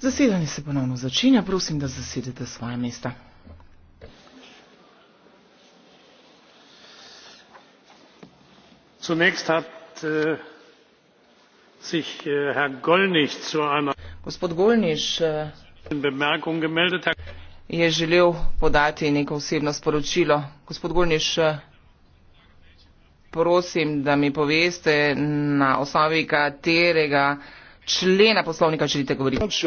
zasedanje se ponovno začenja prosim da zasedete svoja mesta äh, äh, gospod golniš äh, je želel podati neko osebno sporočilo gospod golniš prosim, da mi poveste na osnovi katerega člena poslovnika želite govoriti.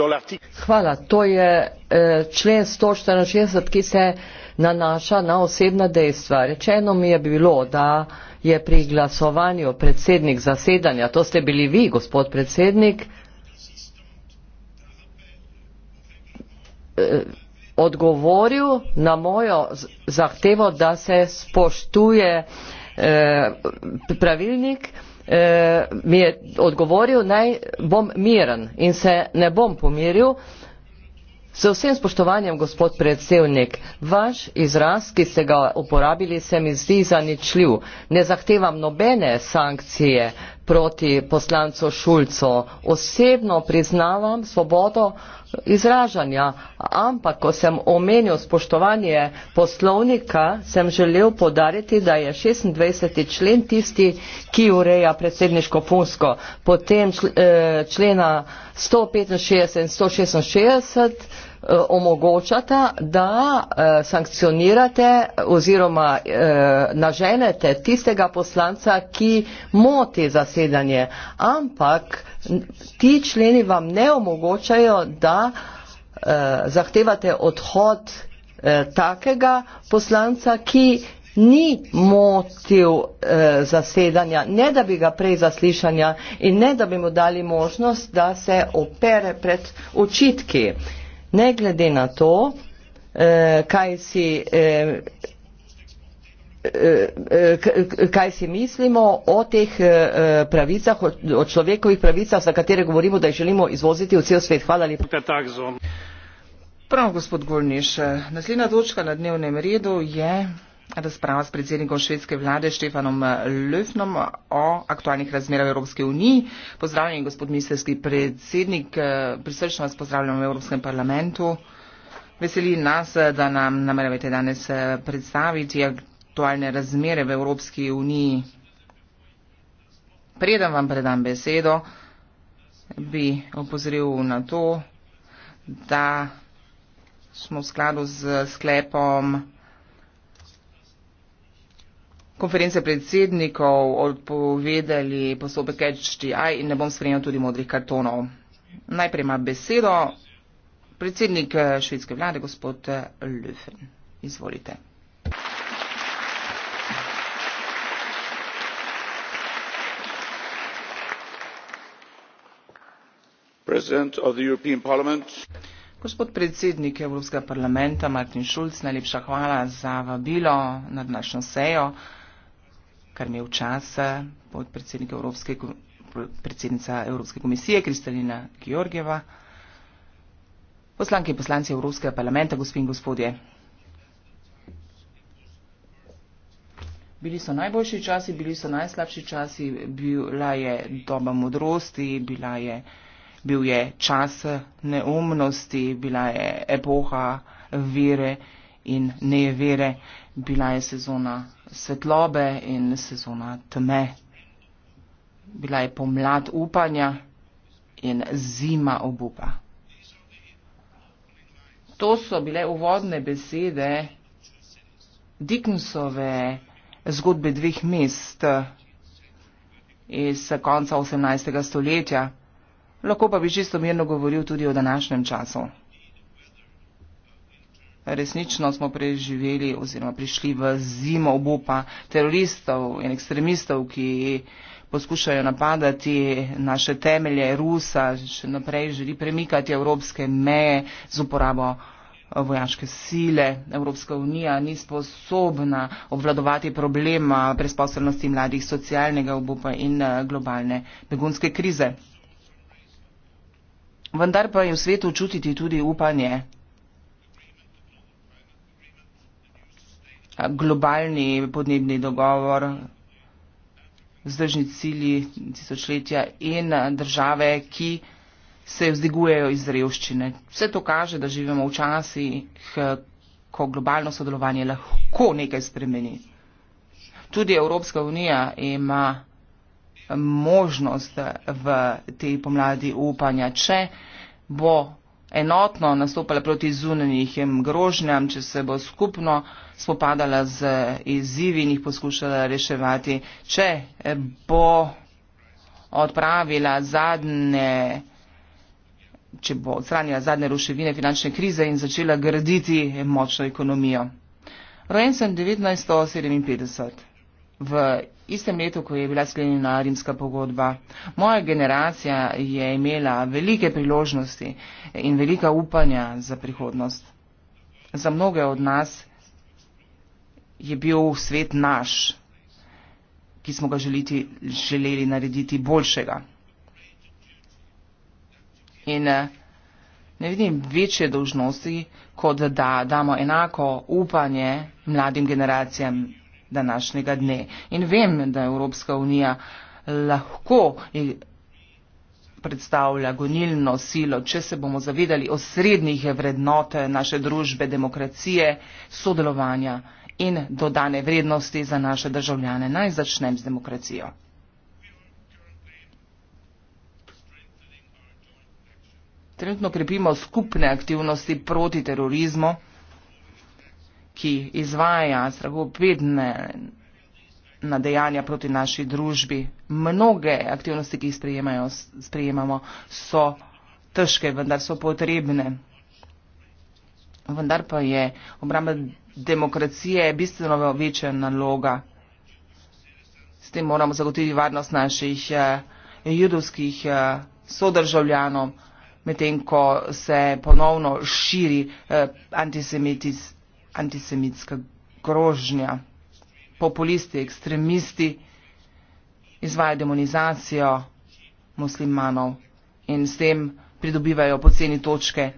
Hvala. To je eh, člen 164, ki se nanaša na osebna dejstva. Rečeno mi je bilo, da je pri glasovanju predsednik zasedanja, to ste bili vi, gospod predsednik, eh, odgovoril na mojo zahtevo, da se spoštuje eh, pravilnik, eh, mi je odgovoril, naj bom miren in se ne bom pomiril. Se vsem spoštovanjem, gospod predsednik, vaš izraz, ki ste ga uporabili, se mi zdi zaničljiv. Ne zahtevam nobene sankcije, proti poslancu Šulcu. Osebno priznavam svobodo izražanja, ampak ko sem omenil spoštovanje poslovnika, sem želel podariti, da je 26. člen tisti, ki ureja predsedniško funsko. Potem eh, člena 165 in 166 Eh, omogočata, da eh, sankcionirate oziroma eh, naženete tistega poslanca, ki moti zasedanje. Ampak ti členi vam ne omogočajo, da zahtevate odhod takega poslanca, ki ni motil eh, zasedanja, ne da bi ga prej zaslišanja in ne da bi mu dali možnost, da se opere pred očitki. Eh, ne glede na to, eh, kaj si, eh, eh, kaj si mislimo o teh pravicah, o človekovih pravicah, za katere govorimo, da jih želimo izvoziti v cel svet. Hvala lepa. Prav, gospod Golniš, naslednja točka na dnevnem redu je razprava s predsednikom švedske vlade Štefanom eh, Löfnom o aktualnih razmerah v Evropske uniji. Pozdravljeni, gospod ministerski predsednik, eh, prisrčno vas pozdravljam v Evropskem parlamentu. Veseli nas, eh, da nam nameravate danes predstaviti aktualne razmere v Evropski uniji. Preden vam predam besedo, bi opozoril na to, da smo v skladu z sklepom konference predsednikov odpovedali postopek HDI in ne bom sprejel tudi modrih kartonov. Najprej ima besedo predsednik eh, švedske vlade, gospod eh, Löfven. Izvolite. Gospod predsednik Evropskega parlamenta Martin Schulz, najlepša hvala za vabilo na današnjo sejo kar imel časa podpredsednik Evropske, predsednica Evropske komisije Kristalina Georgieva, poslanke in poslanci Evropskega parlamenta, gospod in gospodje. Bili so najboljši časi, bili so najslabši časi, bila je doba modrosti, bila je, bil je čas neumnosti, bila je epoha vere in nejevere, bila je sezona svetlobe in sezona teme. Bila je pomlad upanja in zima obupa. To so bile uvodne besede Dickensove zgodbe dveh mest iz konca 18. stoletja. Lahko pa bi čisto mirno govoril tudi o današnjem času resnično smo preživeli oziroma prišli v zimo obupa teroristov in ekstremistov, ki poskušajo napadati naše temelje, Rusa še naprej želi premikati evropske meje z uporabo eh, vojaške sile. Evropska unija ni sposobna obvladovati problema presposobnosti mladih socialnega obupa in eh, globalne begunske krize. Vendar pa je v svetu čutiti tudi upanje globalni podnebni dogovor, vzdržni cilji tisočletja in države, ki se vzdigujejo iz revščine. Vse to kaže, da živimo v časih, ko globalno sodelovanje lahko nekaj spremeni. Tudi Evropska unija ima možnost v tej pomladi upanja, če bo enotno nastopala proti zunanjih grožnjam, če se bo skupno uh, spopadala z izzivi in jih poskušala reševati. Če bo odpravila zadnje, če bo odstranila zadnje ruševine finančne krize in začela graditi močno ekonomijo. Rojen sem 1957, v istem letu, ko je bila sklenjena rimska pogodba. Moja generacija je imela velike priložnosti in velika upanja za prihodnost. Za mnoge od nas je bil svet naš, ki smo ga želiti, želeli narediti boljšega. In eh, ne vidim večje dožnosti, kot da damo enako upanje mladim generacijam današnjega dne. In vem, da Evropska unija lahko predstavlja gonilno silo, če se bomo zavedali osrednjih vrednote naše družbe, demokracije, sodelovanja in dodane vrednosti za naše državljane. Naj začnem z demokracijo. Trenutno krepimo skupne aktivnosti proti terorizmu, ki izvaja strahopetne nadejanja proti naši družbi. Mnoge aktivnosti, ki jih sprejemamo, so težke, vendar so potrebne. Vendar pa je obramba demokracije je bistveno večja naloga. S tem moramo zagotoviti varnost naših eh, judovskih eh, sodržavljanov, medtem ko se ponovno širi eh, antisemitska grožnja. Populisti, ekstremisti izvajajo demonizacijo muslimanov in s tem pridobivajo poceni točke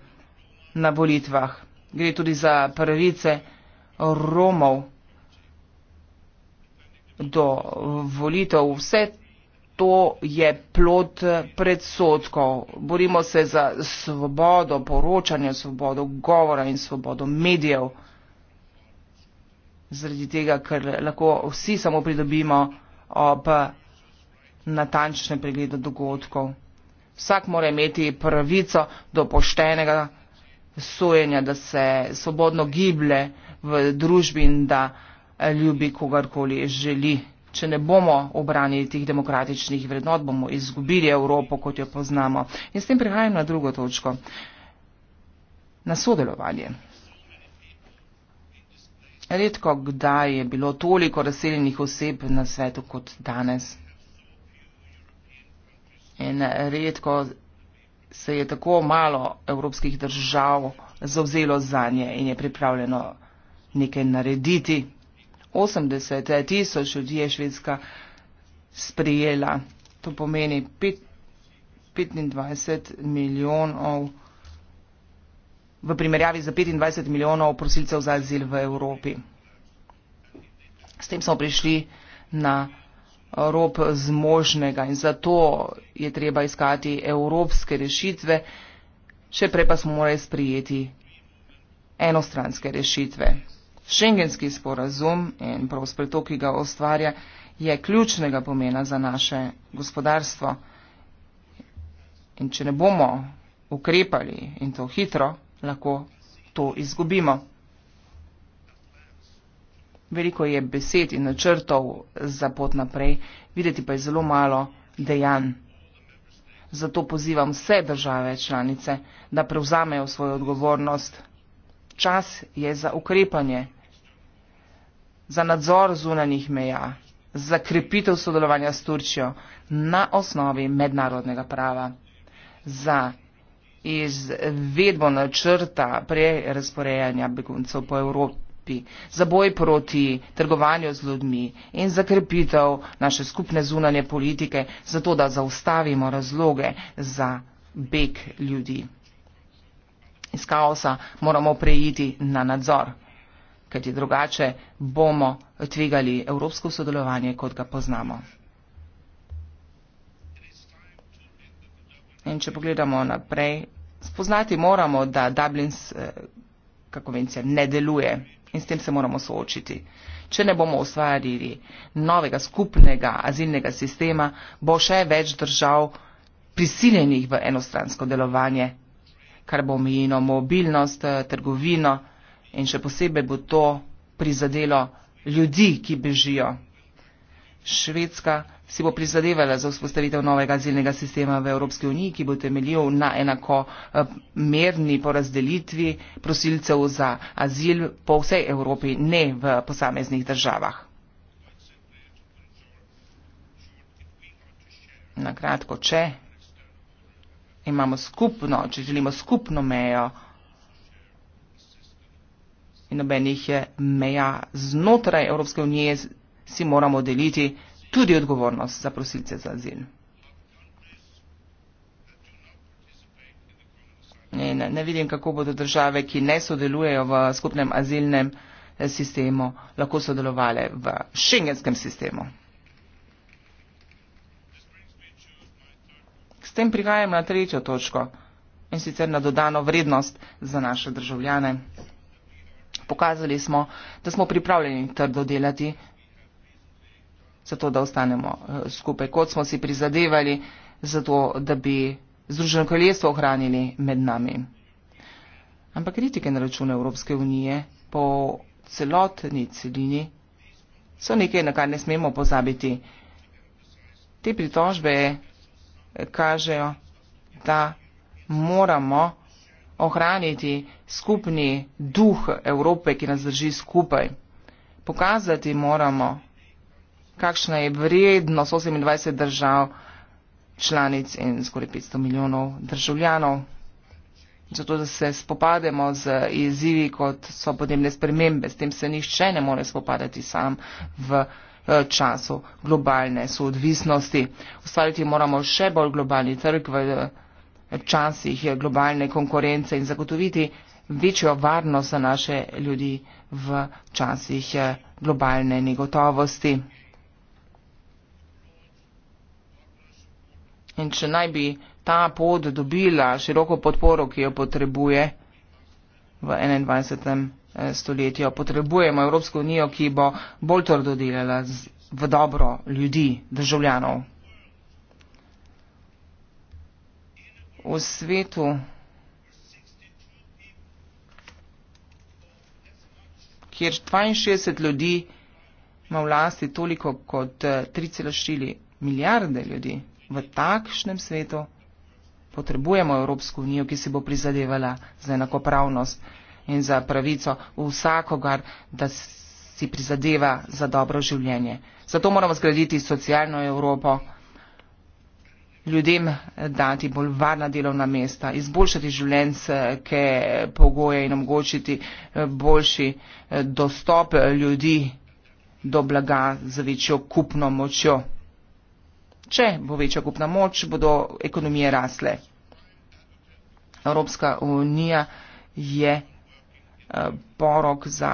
na volitvah. Gre tudi za pravice. Romov do volitev. Vse to je plod predsodkov. Borimo se za svobodo poročanja, svobodo govora in svobodo medijev. Zaradi tega, ker lahko vsi samo pridobimo ob natančne preglede dogodkov. Vsak mora imeti pravico do poštenega sojenja, da se svobodno giblje v družbi in da eh, ljubi kogarkoli želi. Če ne bomo obranili tih demokratičnih vrednot, bomo izgubili Evropo, kot jo poznamo. In s tem prihajam na drugo točko. Na sodelovanje. Redko kdaj je bilo toliko razseljenih oseb na svetu kot danes. In redko se je tako malo evropskih držav zauzelo za nje in je pripravljeno nekaj narediti. 80 tisoč ljudi je Švedska sprijela. To pomeni 5, 25 milijonov v primerjavi za 25 milijonov prosilcev za azil v Evropi. S tem smo prišli na rob zmožnega in zato je treba iskati evropske rešitve, še prej pa smo morali sprijeti enostranske rešitve. Šengenski sporazum in prav spletok, ki ga ustvarja, je ključnega pomena za naše gospodarstvo. In če ne bomo ukrepali in to hitro, lahko to izgubimo. Veliko je besed in načrtov za pot naprej, videti pa je zelo malo dejanj. Zato pozivam vse države članice, da prevzamejo svojo odgovornost. Čas je za ukrepanje, za nadzor zunanih meja, za krepitev sodelovanja s Turčijo na osnovi mednarodnega prava, za izvedbo načrta prerasporejanja beguncev po Evropi. Evropi, za boj proti trgovanju z ljudmi in za krepitev naše skupne zunanje politike, zato da zaustavimo razloge za beg ljudi. Iz kaosa moramo prejiti na nadzor, kajti drugače bomo tvegali evropsko sodelovanje, kot ga poznamo. In če pogledamo naprej, spoznati moramo, da Dublinska konvencija ne deluje in s tem se moramo soočiti. Če ne bomo ustvarili novega skupnega azilnega sistema, bo še več držav prisiljenih v enostransko delovanje, kar bo omejeno mobilnost, eh, trgovino in še posebej bo to prizadelo ljudi, ki bežijo. Švedska si bo prizadevala za vzpostavitev novega azilnega sistema v Evropski uniji, ki bo temeljil na enakomerni eh, porazdelitvi prosilcev za azil po vsej Evropi, ne v posameznih državah. Na kratko, če imamo skupno, če želimo skupno mejo in obenih eh, meja znotraj Evropske unije, si moramo deliti tudi odgovornost za prosilce za azil. Ne, ne, ne vidim, kako bodo države, ki ne sodelujejo v skupnem azilnem eh, sistemu, lahko sodelovali v šengenskem sistemu. S tem prihajam na tretjo točko in sicer na dodano vrednost za naše državljane. Pokazali smo, da smo pripravljeni trdo delati zato da ostanemo eh, skupaj, kot smo si prizadevali, zato da bi združeno kraljestvo ohranili med nami. Ampak kritike na račune Evropske unije po celotni celini so nekaj, na kar ne smemo pozabiti. Te pritožbe eh, kažejo, da moramo ohraniti skupni duh Evrope, ki nas drži skupaj. Pokazati moramo, kakšna je vrednost 28 držav članic in skoraj 500 milijonov državljanov. Zato, da se spopademo z izzivi, kot so podnebne spremembe, s tem se nišče ne more spopadati sam v eh, času globalne soodvisnosti. Ustvariti moramo še bolj globalni trg v eh, časih globalne konkurence in zagotoviti večjo varnost za naše ljudi v časih eh, globalne negotovosti. In če naj bi ta pot dobila široko podporo, ki jo potrebuje v 21. Eh, stoletju, potrebujemo Evropsko unijo, ki bo bolj trdodelala v dobro ljudi, državljanov. V svetu kjer 62 ljudi ima vlasti toliko kot 3,4 eh, milijarde ljudi v takšnem svetu potrebujemo Evropsko unijo, ki si bo prizadevala za enakopravnost in za pravico vsakogar, da si prizadeva za dobro življenje. Zato moramo zgraditi socialno Evropo, ljudem dati bolj varna delovna mesta, izboljšati življenjske pogoje in omogočiti eh, boljši eh, dostop ljudi do blaga z večjo kupno močjo. Če bo večja kupna moč, bodo ekonomije rasle. Evropska unija je eh, porok za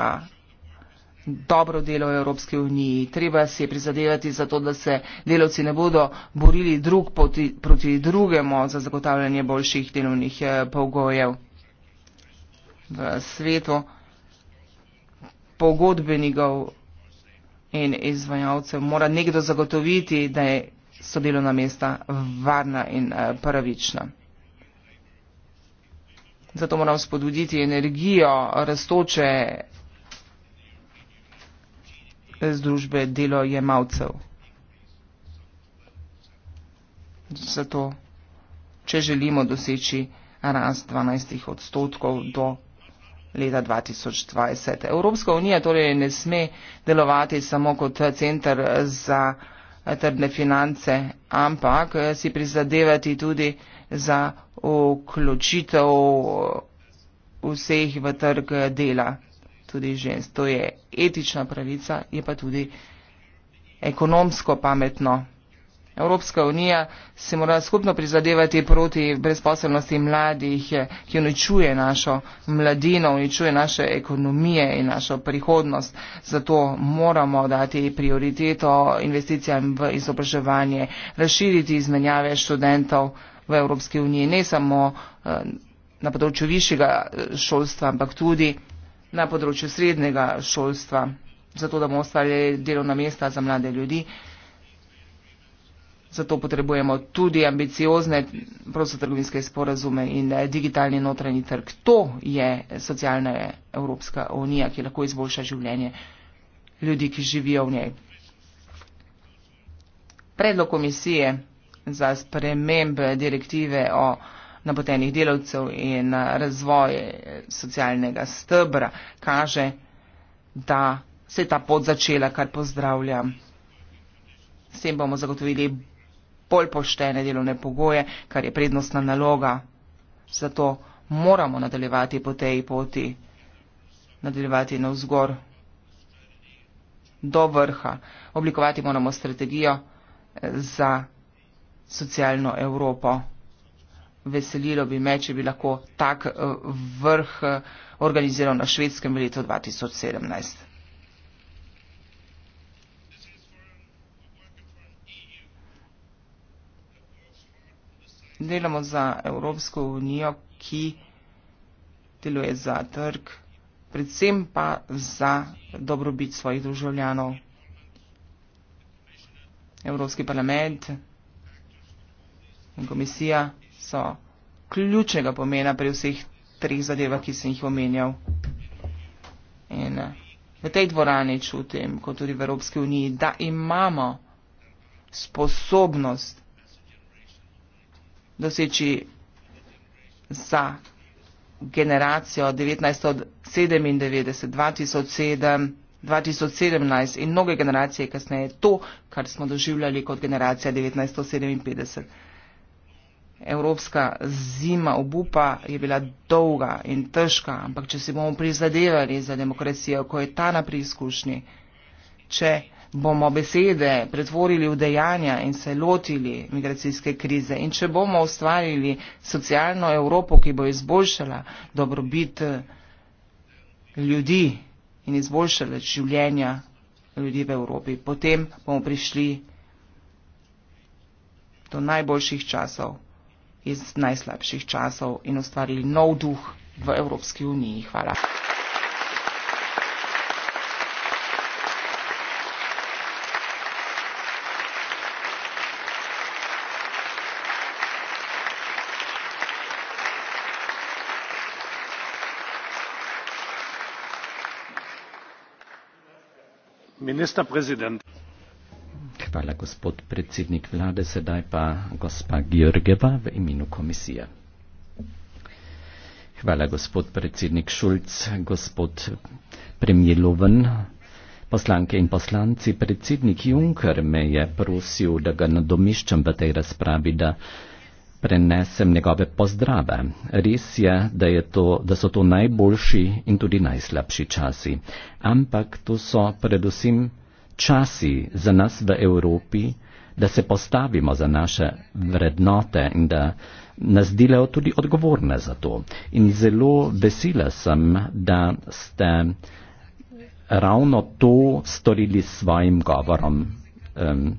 dobro delo v Evropski uniji. Treba si je prizadevati za to, da se delavci ne bodo borili drug proti, proti drugemu za zagotavljanje boljših delovnih eh, pogojev v svetu. Pogodbenikov in izvajalcev mora nekdo zagotoviti, da je so delovna mesta varna in eh, pravična. Zato moramo spodbuditi energijo raztoče eh, združbe delo jemalcev. Zato, če želimo doseči rast 12 odstotkov do leta 2020. Evropska unija torej ne sme delovati samo kot eh, center za trdne finance, ampak eh, si prizadevati tudi za vključitev eh, vseh v trg eh, dela, tudi žensk. To je etična pravica, je pa tudi ekonomsko pametno. Evropska unija se mora skupno prizadevati proti brezposobnosti mladih, ki uničuje našo mladino, uničuje naše ekonomije in našo prihodnost. Zato moramo dati prioriteto investicijam v izobraževanje, razširiti izmenjave študentov v Evropski uniji, ne samo eh, na področju višjega eh, šolstva, ampak tudi na področju srednjega šolstva, zato da bomo ustvarjali delovna mesta za mlade ljudi. Zato potrebujemo tudi ambiciozne prostotrgovinske sporazume in eh, digitalni notranji trg. To je socialna Evropska unija, ki lahko izboljša življenje ljudi, ki živijo v njej. Predlog komisije za sprememb direktive o napotenih delavcev in eh, razvoj eh, socialnega stebra kaže, da se je ta pot začela, kar pozdravljam. S tem bomo zagotovili bolj poštene delovne pogoje, kar je prednostna naloga. Zato moramo nadaljevati po tej poti, nadaljevati navzgor do vrha. Oblikovati moramo strategijo eh, za socialno Evropo. Veselilo bi me, če bi lahko tak eh, vrh eh, organiziral na švedskem letu 2017. delamo za Evropsko unijo, ki deluje za trg, predvsem pa za dobrobit svojih državljanov. Evropski parlament in komisija so ključnega pomena pri vseh treh zadevah, ki sem jih omenjal. In eh, v tej dvorani čutim, kot tudi v Evropski uniji, da imamo sposobnost doseči za generacijo 1997, 2007, 2017 in mnoge generacije kasneje to, kar smo doživljali kot generacija 1957. Evropska zima obupa je bila dolga in težka, ampak če si bomo prizadevali za demokracijo, ko je ta na preizkušnji, če bomo besede pretvorili v dejanja in se lotili migracijske krize in če bomo ustvarili socialno Evropo, ki bo izboljšala dobrobit eh, ljudi in izboljšala življenja ljudi v Evropi, potem bomo prišli do najboljših časov iz najslabših časov in ustvarili nov duh v Evropski uniji. Hvala. Hvala, gospod predsednik vlade. Sedaj pa gospa Georgeva v imenu komisije. Hvala, gospod predsednik Šulc, gospod premijer Loven, poslanke in poslanci. Predsednik Juncker me je prosil, da ga nadomiščam v tej razpravi, da prenesem njegove pozdrave. Res je, da, je to, da so to najboljši in tudi najslabši časi. Ampak to so predvsem časi za nas v Evropi, da se postavimo za naše vrednote in da nas delajo tudi odgovorne za to. In zelo vesela sem, da ste ravno to storili s svojim govorom. Um,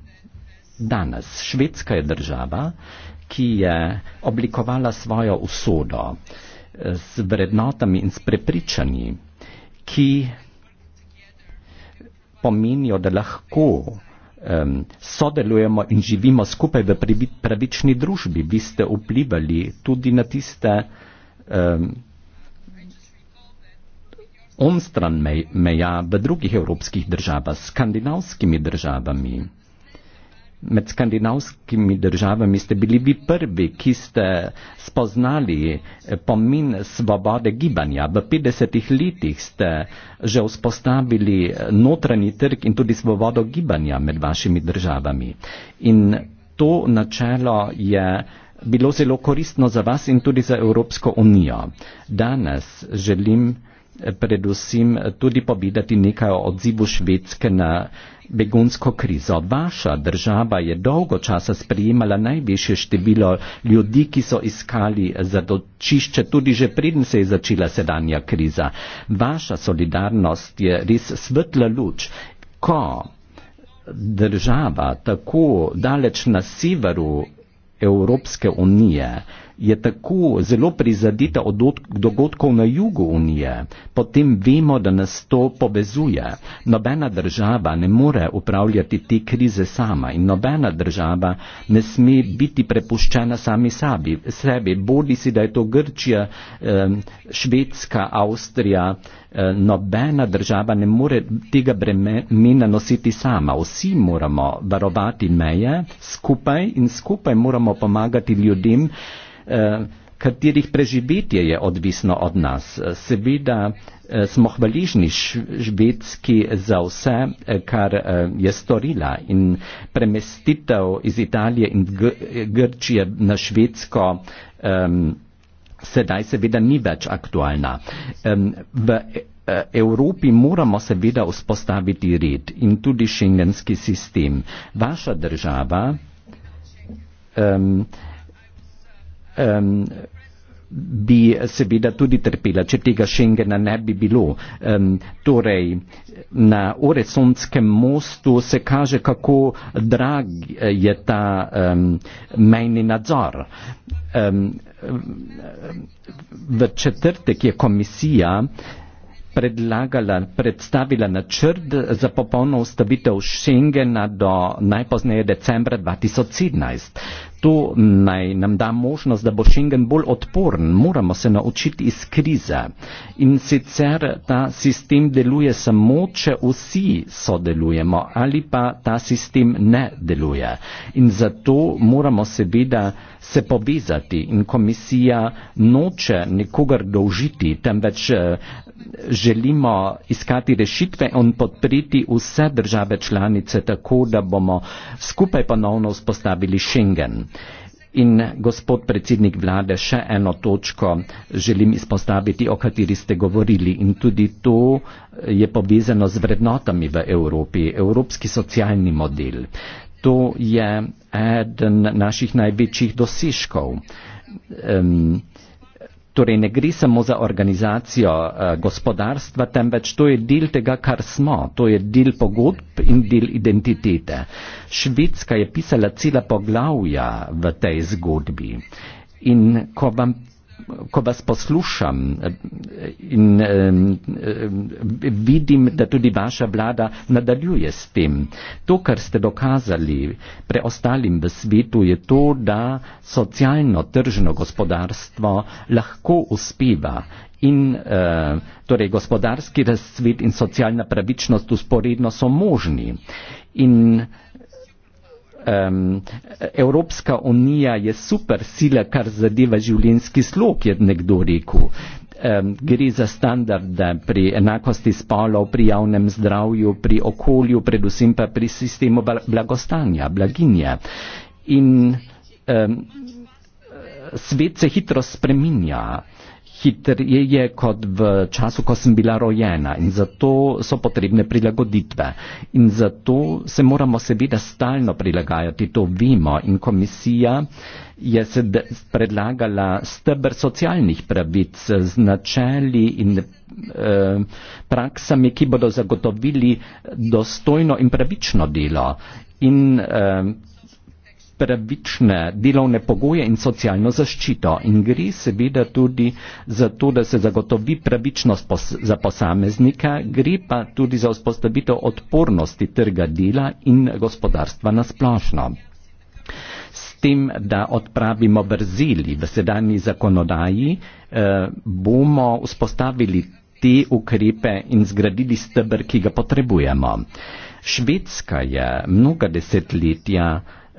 Danes Švedska je država, ki je oblikovala svojo usodo eh, z vrednotami in s prepričanji, ki pomenijo, da lahko um, sodelujemo in živimo skupaj v pravični družbi. Vi ste vplivali tudi na tiste um, onstran meja v drugih evropskih državah, skandinavskimi državami. Med skandinavskimi državami ste bili vi prvi, ki ste spoznali eh, pomin svobode gibanja. V 50-ih letih ste že vzpostavili eh, notranji trg in tudi svobodo gibanja med vašimi državami. In to načelo je bilo zelo koristno za vas in tudi za Evropsko unijo. Danes želim eh, predvsem tudi povedati nekaj o odzivu Švedske na begunsko krizo. Vaša država je dolgo časa sprejemala najvišje število ljudi, ki so iskali zadočišče, tudi že preden se je začela sedanja kriza. Vaša solidarnost je res svetla luč. Ko država tako daleč na severu Evropske unije, je tako zelo prizadeta od dogodkov na jugu Unije, potem vemo, da nas to povezuje. Nobena država ne more upravljati te krize sama in nobena država ne sme biti prepuščena sami sabi, sebi, bodi si, da je to Grčija, Švedska, Avstrija, nobena država ne more tega bremena nositi sama. Vsi moramo varovati meje skupaj in skupaj moramo pomagati ljudem, Eh, katerih preživetje je odvisno od nas. Seveda eh, smo hvaližni Švedski za vse, eh, kar je storila in premestitev iz Italije in Grčije na Švedsko sedaj seveda ni več aktualna. V e, Evropi moramo seveda vzpostaviti red in tudi šengenski sistem. Vaša država um, um, bi seveda tudi trpela, če tega Schengena ne bi bilo. Um, torej, na Oresonskem mostu se kaže, kako drag je ta um, mejni nadzor. Um, v četrtek je komisija predlagala, predstavila načrt za popolno ustavitev Schengena do najpozneje decembra 2017 zato naj nam da možnost, da bo Schengen bolj odporen. Moramo se naučiti iz krize. In sicer ta sistem deluje samo, če vsi sodelujemo ali pa ta sistem ne deluje. In zato moramo seveda se povezati in komisija noče nikogar dolžiti, temveč eh, želimo iskati rešitve in podpriti vse države članice tako, da bomo skupaj ponovno vzpostavili Schengen. In gospod predsednik vlade, še eno točko želim izpostaviti, o kateri ste govorili in tudi to je povezano z vrednotami v Evropi, evropski socialni model. To je eden naših največjih dosežkov. Um, Torej ne gre samo za organizacijo eh, gospodarstva, temveč to je del tega, kar smo, to je del pogodb in del identitete. Švedska je pisala cela poglavja v tej zgodbi. In ko vam ko vas poslušam eh, in um, vidim, da tudi vaša vlada nadaljuje s tem. To, kar ste dokazali preostalim v svetu, je to, da socialno tržno gospodarstvo lahko uspeva in uh, torej gospodarski razcvet in socialna pravičnost usporedno so možni. In, um, Evropska unija je super sila, kar zadeva življenjski slog, je nekdo rekel. Um, gre za standarde pri enakosti spolov, pri javnem zdravju, pri okolju, predvsem pa pri sistemu blagostanja, blaginje. In um, svet se hitro spreminja hitreje kot v času, ko sem bila rojena in zato so potrebne prilagoditve. In zato se moramo seveda stalno prilagajati, to vemo. In komisija je se predlagala stebr socialnih pravic z načeli in eh, praksami, ki bodo zagotovili dostojno in pravično delo. In eh, pravične delovne pogoje in socialno zaščito. In gre seveda tudi za to, da se zagotovi pravičnost pos za posameznika, gre pa tudi za vzpostavitev odpornosti trga dela in gospodarstva nasplošno. S tem, da odpravimo brzeli v sedanji zakonodaji, eh, bomo vzpostavili te ukrepe in zgradili stebr, ki ga potrebujemo. Švedska je mnoga desetletja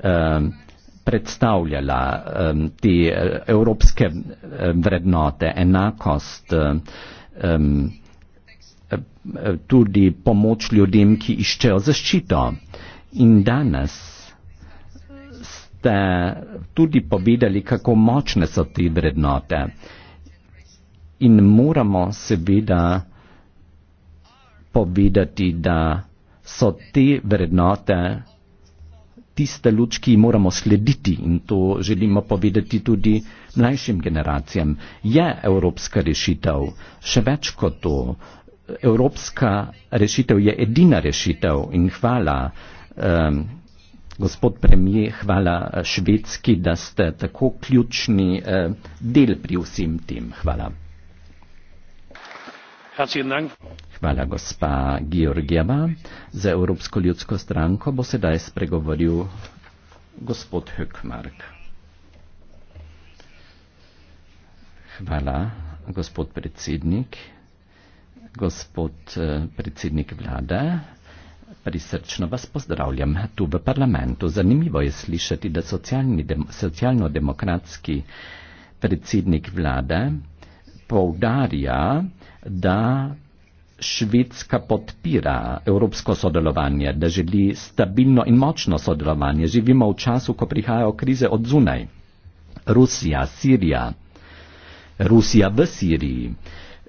Um, predstavljala um, te uh, evropske um, vrednote, enakost, tudi pomoč ljudem, ki iščejo zaščito. In danes ste tudi povedali, kako močne so te vrednote. In moramo seveda povedati, da so te vrednote tista luč, ki ji moramo slediti in to želimo povedati tudi mlajšim generacijam, je evropska rešitev. Še več kot to, evropska rešitev je edina rešitev in hvala. Um, Gospod premijer, hvala eh, švedski, da ste tako ključni eh, del pri vsem tem. Hvala. Hvala, gospa Georgijeva. Za Evropsko ljudsko stranko bo sedaj spregovoril gospod Hökmark. Hvala, gospod predsednik. Gospod eh, predsednik vlade, prisrčno vas pozdravljam tu v parlamentu. Zanimivo je slišati, da socialno-demokratski predsednik vlade poudarja, da Švedska podpira evropsko sodelovanje, da želi stabilno in močno sodelovanje. Živimo v času, ko prihajajo krize od zunaj. Rusija, Sirija, Rusija v Siriji,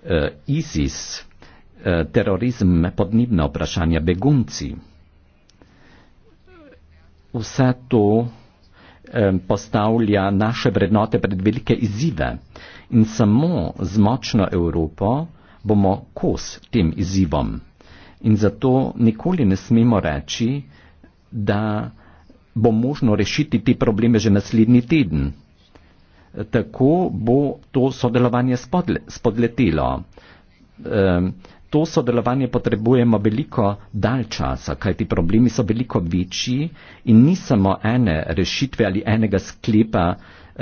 eh, ISIS, eh, terorizem, podnebne vprašanja, begunci. Vse to eh, postavlja naše vrednote pred velike izzive in samo z močno Evropo bomo kos tem izzivom. In zato nikoli ne smemo reči, da bo možno rešiti te probleme že naslednji teden. Tako bo to sodelovanje spodle, spodletelo. E, to sodelovanje potrebujemo veliko dalj časa, kajti problemi so veliko večji in ni samo ene rešitve ali enega sklepa,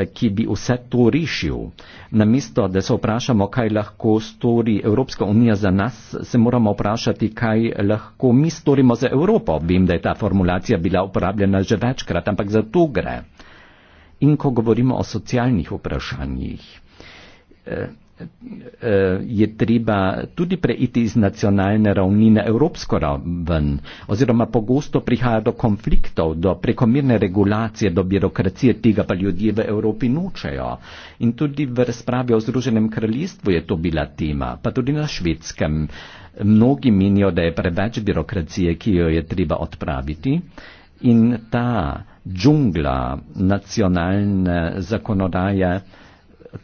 ki bi vse to rešil. Namesto, da se vprašamo, kaj lahko stori Evropska unija za nas, se moramo vprašati, kaj lahko mi storimo za Evropo. Vem, da je ta formulacija bila uporabljena že večkrat, ampak za to gre. In ko govorimo o socialnih vprašanjih. Eh, je treba tudi preiti iz nacionalne ravni na evropsko raven, oziroma pogosto prihaja do konfliktov, do prekomirne regulacije, do birokracije, tega pa ljudje v Evropi nočejo. In tudi v razpravi o Združenem kraljestvu je to bila tema, pa tudi na švedskem. Mnogi menijo, da je preveč birokracije, ki jo je treba odpraviti. In ta džungla nacionalne zakonodaje,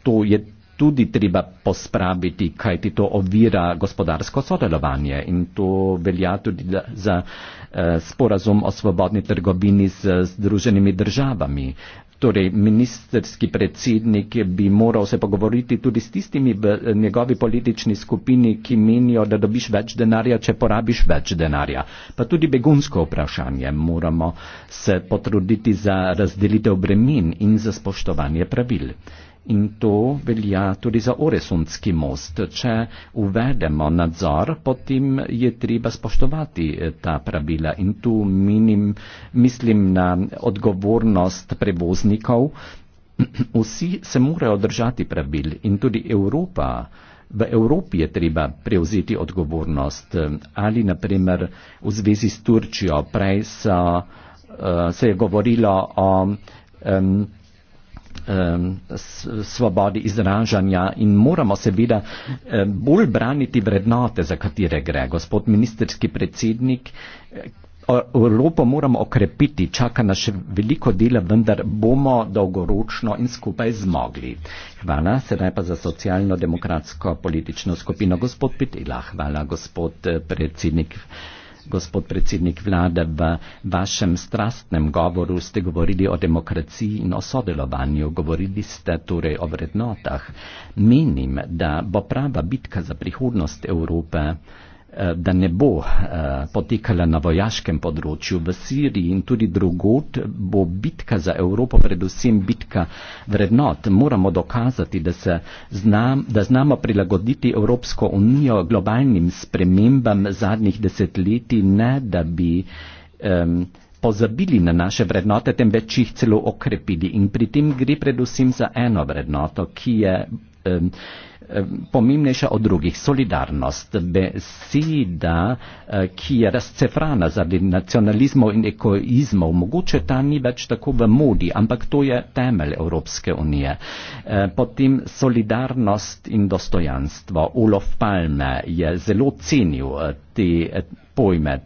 to je tudi treba pospraviti, kaj ti to ovira gospodarsko sodelovanje. In to velja tudi za eh, sporazum o svobodni trgovini z združenimi državami. Torej, ministerski predsednik bi moral se pogovoriti tudi s tistimi v eh, njegovi politični skupini, ki menijo, da dobiš več denarja, če porabiš več denarja. Pa tudi begunsko vprašanje moramo se potruditi za razdelitev bremen in za spoštovanje pravil. In to velja tudi za Oresundski most. Če uvedemo nadzor, potem je treba spoštovati eh, ta pravila. In tu minim, mislim na odgovornost prevoznikov. Vsi se morajo držati pravil in tudi Evropa. V Evropi je treba prevzeti odgovornost. Ali naprimer v zvezi s Turčijo. Prej so, uh, se je govorilo o. Um, Ehm, svobodi izražanja in moramo seveda eh, bolj braniti vrednote, za katere gre. Gospod ministerski predsednik, eh, Evropo moramo okrepiti, čaka nas še veliko dela, vendar bomo dolgoročno in skupaj zmogli. Hvala, sedaj pa za socialno-demokratsko politično skupino. Gospod Petila, hvala, gospod eh, predsednik. Gospod predsednik vlade, v vašem strastnem govoru ste govorili o demokraciji in o sodelovanju, govorili ste torej o vrednotah. Menim, da bo prava bitka za prihodnost Evrope Eh, da ne bo eh, potekala na vojaškem področju v Siriji in tudi drugot, bo bitka za Evropo predvsem bitka vrednot. Moramo dokazati, da, znam, da znamo prilagoditi Evropsko unijo globalnim spremembam zadnjih desetletij, ne da bi um, pozabili na naše vrednote, temveč jih celo okrepili. In pri tem gre predvsem za eno vrednoto, ki je. Um, pomembnejša od drugih. Solidarnost, beseda, eh, ki je razcefrana zaradi nacionalizmov in ekoizmov, mogoče ta ni več tako v modi, ampak to je temelj Evropske unije. Eh, potem solidarnost in dostojanstvo. Olof Palme je zelo cenil eh, te pojme.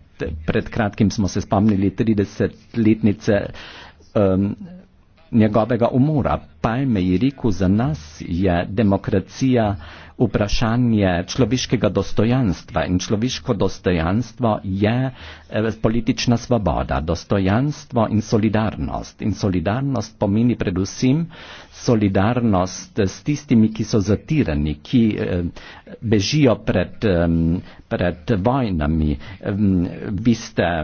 Pred kratkim smo se spomnili 30-letnice njegovega umora. Palmej Riku za nas je demokracija vprašanje človeškega dostojanstva in človeško dostojanstvo je eh, politična svoboda, dostojanstvo in solidarnost. In solidarnost pomeni predvsem solidarnost s tistimi, ki so zatirani, ki eh, bežijo pred, pred vojnami. Vi ste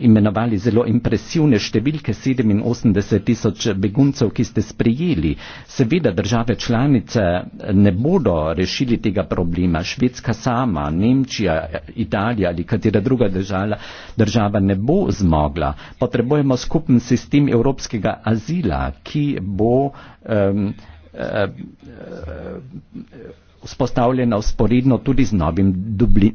imenovali zelo impresivne številke 87 tisoč beguncev, ki ste sprijeli. Seveda države članice ne bodo rešili tega problema. Švedska sama, Nemčija, Italija ali katera druga država, država ne bo zmogla. Potrebujemo skupen sistem evropskega azila, ki bo. Um, um, um, um, vzpostavljena usporedno tudi z novim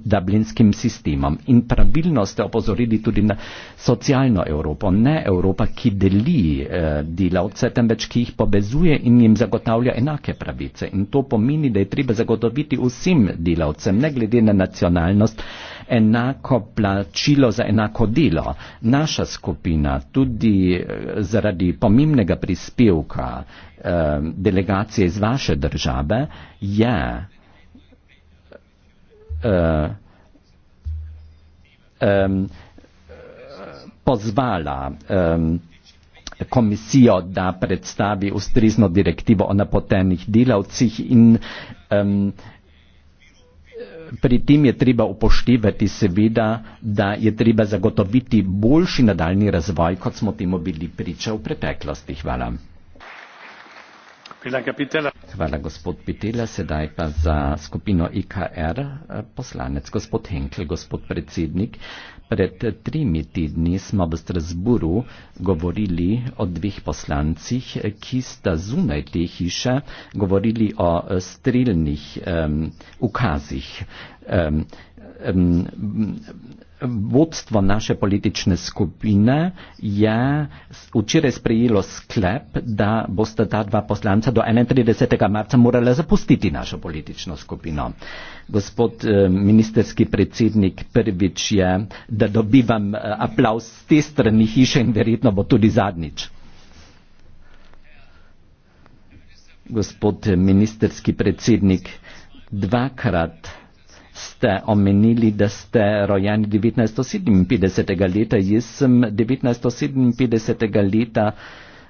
dublinskim sistemom. In pravilno ste opozorili tudi na socialno Evropo, ne Evropa, ki deli eh, delavce, temveč ki jih povezuje in jim zagotavlja enake pravice. In to pomeni, da je treba zagotoviti vsem delavcem, ne glede na nacionalnost, enako plačilo za enako delo. Naša skupina tudi eh, zaradi pomembnega prispevka eh, delegacije iz vaše države je eh, eh, pozvala eh, komisijo, da predstavi ustrizno direktivo o napotenih delavcih in eh, Pri tem je treba upoštevati seveda, da je treba zagotoviti boljši nadaljni razvoj, kot smo temu bili priča v preteklosti. Hvala. Hvala, gospod Pitela. Sedaj pa za skupino IKR eh, poslanec, gospod Henkel, gospod predsednik. Pred eh, trimi tedni smo v Strasburu govorili o dveh poslancih, eh, ki sta zunaj te hiše govorili o strelnih um, ukazih. Um, um, Vodstvo naše politične skupine je včeraj sprejelo sklep, da boste ta dva poslanca do 31. marca morali zapustiti našo politično skupino. Gospod eh, ministerski predsednik prvič je, da dobivam eh, aplaus z te strani hiše in verjetno bo tudi zadnjič. Gospod eh, ministerski predsednik dvakrat ste omenili, da ste rojeni 1957. leta. Jaz sem 1957. leta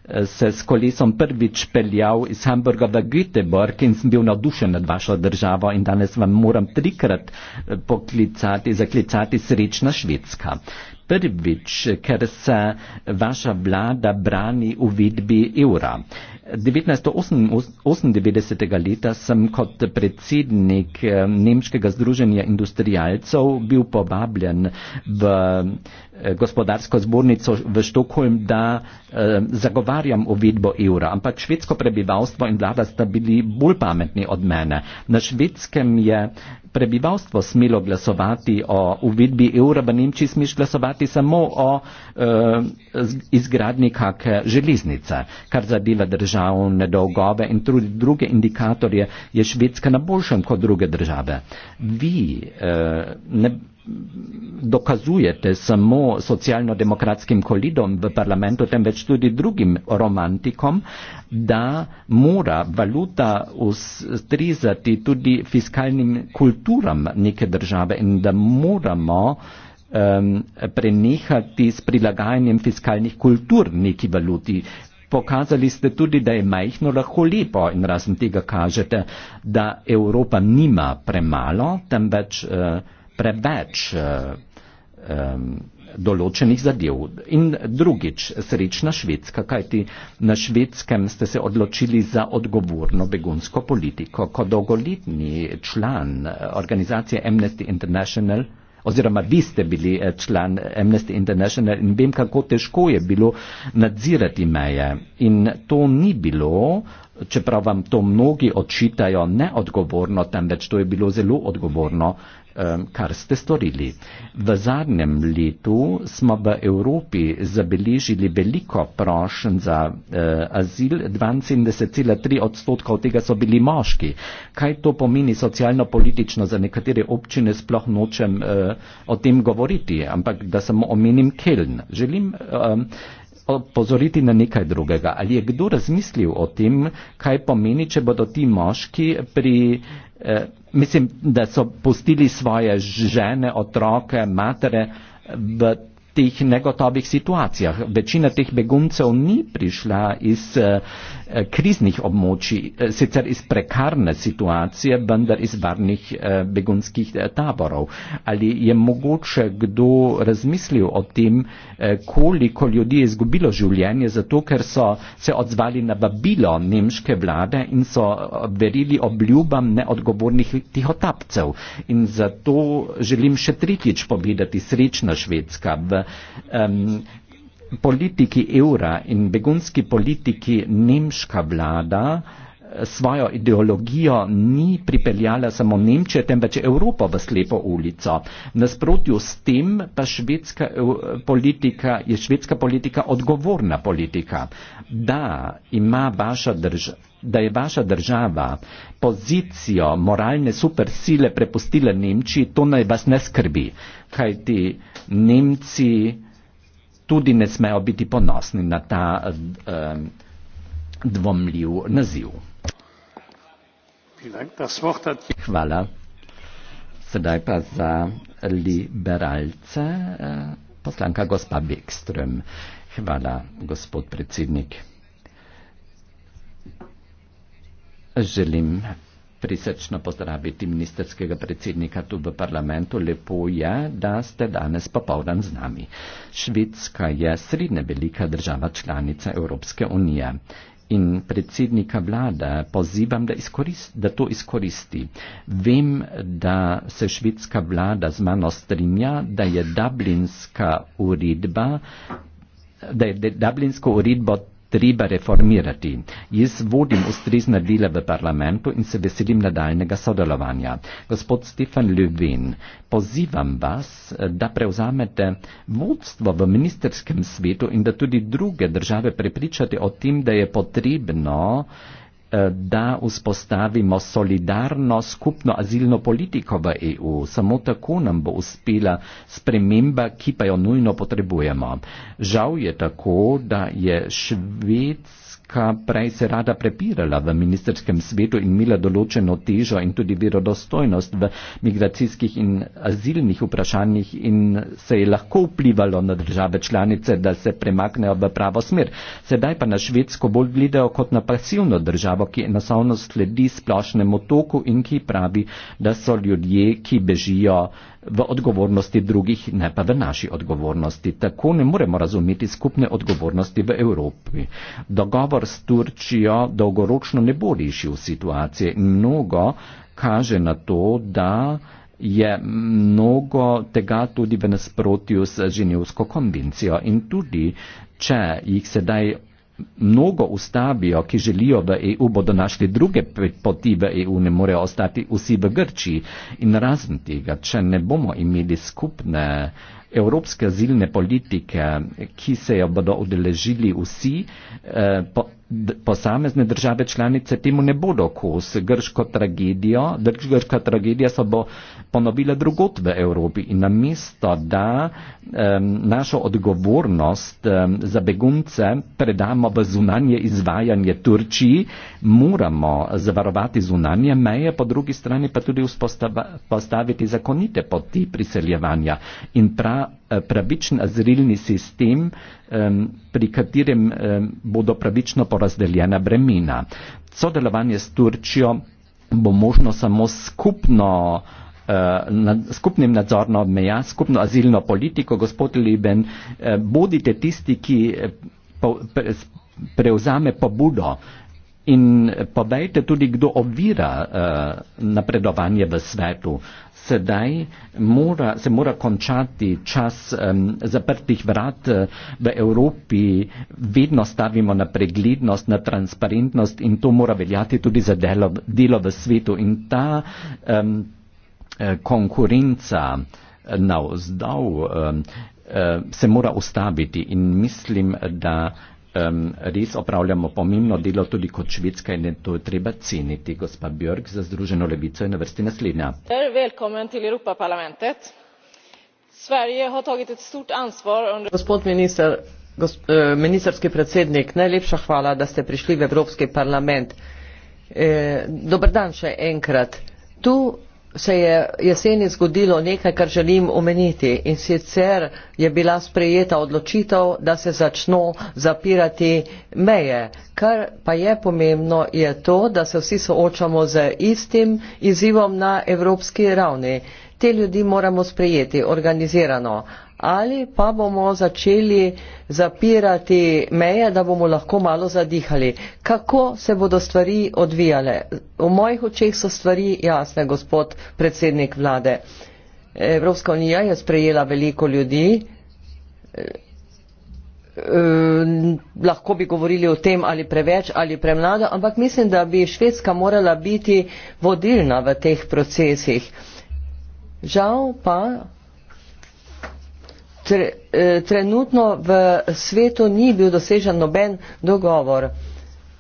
eh, se s kolesom prvič peljal iz Hamburga v Göteborg in sem bil navdušen nad vašo državo in danes vam moram trikrat eh, poklicati, zaklicati srečna Švedska. Prvič, ker se vaša vlada brani uvidbi evra. 1998. leta sem kot predsednik eh, Nemškega združenja industrijalcev bil povabljen v eh, gospodarsko zbornico v Štokholm, da eh, zagovarjam uvedbo evra, ampak švedsko prebivalstvo in vlada sta bili bolj pametni od mene. Na švedskem je prebivalstvo smelo glasovati o uvedbi evra, v Nemčiji smeš glasovati samo o izgradni kakšne železnice, kar zadeva država državne dolgove in tudi druge indikatorje, je Švedska na boljšem kot druge države. Vi eh, ne dokazujete samo socialno-demokratskim kolidom v parlamentu, temveč tudi drugim romantikom, da mora valuta ustrizati tudi fiskalnim kulturam neke države in da moramo prenehati s prilagajanjem fiskalnih kultur neki valuti. Pokazali ste tudi, da je majhno lahko lepo in razen tega kažete, da Evropa nima premalo, temveč eh, preveč eh, eh, določenih zadev. In drugič, srečna Švedska, kajti na Švedskem ste se odločili za odgovorno begunsko politiko. Kot dolgoletni član eh, organizacije Amnesty International, eh, oziroma vi ste bili eh, član Amnesty International in vem, kako težko je bilo nadzirati meje. In to ni bilo, čeprav vam to mnogi očitajo, neodgovorno, temveč to je bilo zelo odgovorno. Ehm, kar ste storili. V zadnjem letu smo v Evropi zabeležili veliko prošen za eh, azil, 72,3 odstotka od tega so bili moški. Kaj to pomeni socialno-politično za nekatere občine, sploh nočem eh, o tem govoriti, ampak da samo omenim Keln. Želim, eh, pozoriti na nekaj drugega. Ali je kdo razmislil o tem, kaj pomeni, če bodo ti moški pri. Eh, mislim, da so pustili svoje žene, otroke, matere v teh negotovih situacijah. Večina teh beguncev ni prišla iz. Eh, Eh, kriznih območij, eh, sicer iz prekarne situacije, vendar iz varnih eh, begunskih taborov. Ali je mogoče kdo razmislil o tem, koliko ljudi je izgubilo življenje, zato ker so se odzvali na vabilo nemške vlade in so verili obljubam neodgovornih tihotapcev. In zato želim še tretjič povedati srečna Švedska. V, um, politiki evra in begunski politiki nemška vlada eh, svojo ideologijo ni pripeljala samo Nemčija, temveč Evropo v slepo ulico. Nasprotju s tem pa švedska eh, politika, je švedska politika odgovorna politika. Da, vaša drž da je vaša država pozicijo moralne supersile prepustila Nemčiji, to naj vas ne skrbi, kajti Nemci tudi ne smejo biti ponosni na ta eh, dvomljiv naziv. Hvala. Sedaj pa za liberalce eh, poslanka gospa Bekström. Hvala, gospod predsednik. Želim prisrčno pozdraviti ministerskega predsednika tu v parlamentu. Lepo je, da ste danes popovdan z nami. Švedska je srednje velika država članica Evropske unije. In predsednika vlade pozivam, da, izkorist, da to izkoristi. Vem, da se švedska vlada z mano strinja, da je dublinska uredba, da je dublinsko uredbo treba reformirati. Jaz vodim ustrezna dela v parlamentu in se veselim nadaljnega sodelovanja. Gospod Stefan Löwen, pozivam vas, eh, da prevzamete vodstvo v ministerskem svetu in da tudi druge države prepričate o tem, da je potrebno Eh, da vzpostavimo solidarno skupno azilno politiko v EU. Samo tako nam bo uspela sprememba, ki pa jo nujno potrebujemo. Žal je tako, da je Švedska ki prej se rada prepirala v ministerskem svetu in imela določeno težo in tudi verodostojnost v migracijskih in azilnih vprašanjih in se je lahko vplivalo na države članice, da se premaknejo v pravo smer. Sedaj pa na Švedsko bolj gledajo kot na pasivno državo, ki enostavno sledi splošnemu toku in ki pravi, da so ljudje, ki bežijo v odgovornosti drugih, ne pa v naši odgovornosti. Tako ne moremo razumeti skupne odgovornosti v Evropi. Dogovor s Turčijo dolgoročno ne bo rešil situacije. Mnogo kaže na to, da je mnogo tega tudi v nasprotju s Ženevsko konvencijo in tudi, če jih sedaj mnogo ustavijo, ki želijo v EU, bodo našli druge poti v EU, ne morejo ostati vsi v Grčiji. In razen tega, če ne bomo imeli skupne evropske azilne politike, ki se jo bodo udeležili vsi eh, po, d, posamezne države članice, temu ne bodo kos. Grško tragedijo, grška tragedija se bo ponovila drugot v Evropi in namesto, da eh, našo odgovornost eh, za begunce predamo v zunanje izvajanje Turčiji, moramo zavarovati zunanje meje, po drugi strani pa tudi vzpostaviti zakonite poti priseljevanja. In prav Eh, pravičen azrilni sistem, pri katerem bodo pravično porazdeljena bremena. Sodelovanje s Turčijo bo možno samo skupno eh, nad skupnim nadzorno meja, skupno azilno politiko. Gospod Liben, eh, bodite tisti, ki prevzame pobudo in povejte tudi, kdo ovira napredovanje v svetu sedaj mora, se mora končati čas um, zaprtih vrat eh, v Evropi, vedno stavimo na preglednost, na transparentnost in to mora veljati tudi za delo, delo v svetu. In ta um, konkurenca eh, na vzdolj um, se mora ustaviti in mislim, da um, res opravljamo pomembno delo tudi kot švedska in to je treba ceniti. Gospa Björk za Združeno levico je na vrsti naslednja. Gospod minister, gosp, eh, ministerski predsednik, najlepša hvala, da ste prišli v Evropski parlament. Eh, dober dan še enkrat. Tu se je jeseni zgodilo nekaj, kar želim omeniti in sicer je bila sprejeta odločitev, da se začno zapirati meje. Kar pa je pomembno je to, da se vsi soočamo z istim izzivom na evropski ravni. Te ljudi moramo sprejeti organizirano ali pa bomo začeli zapirati meje, da bomo lahko malo zadihali. Kako se bodo stvari odvijale? V mojih očeh so stvari jasne, gospod predsednik vlade. Evropska unija je sprejela veliko ljudi. Eh, lahko bi govorili o tem, ali preveč ali premlada, ampak mislim, da bi Švedska morala biti vodilna v teh procesih. Žal pa tre, e, trenutno v svetu ni bil dosežen noben dogovor.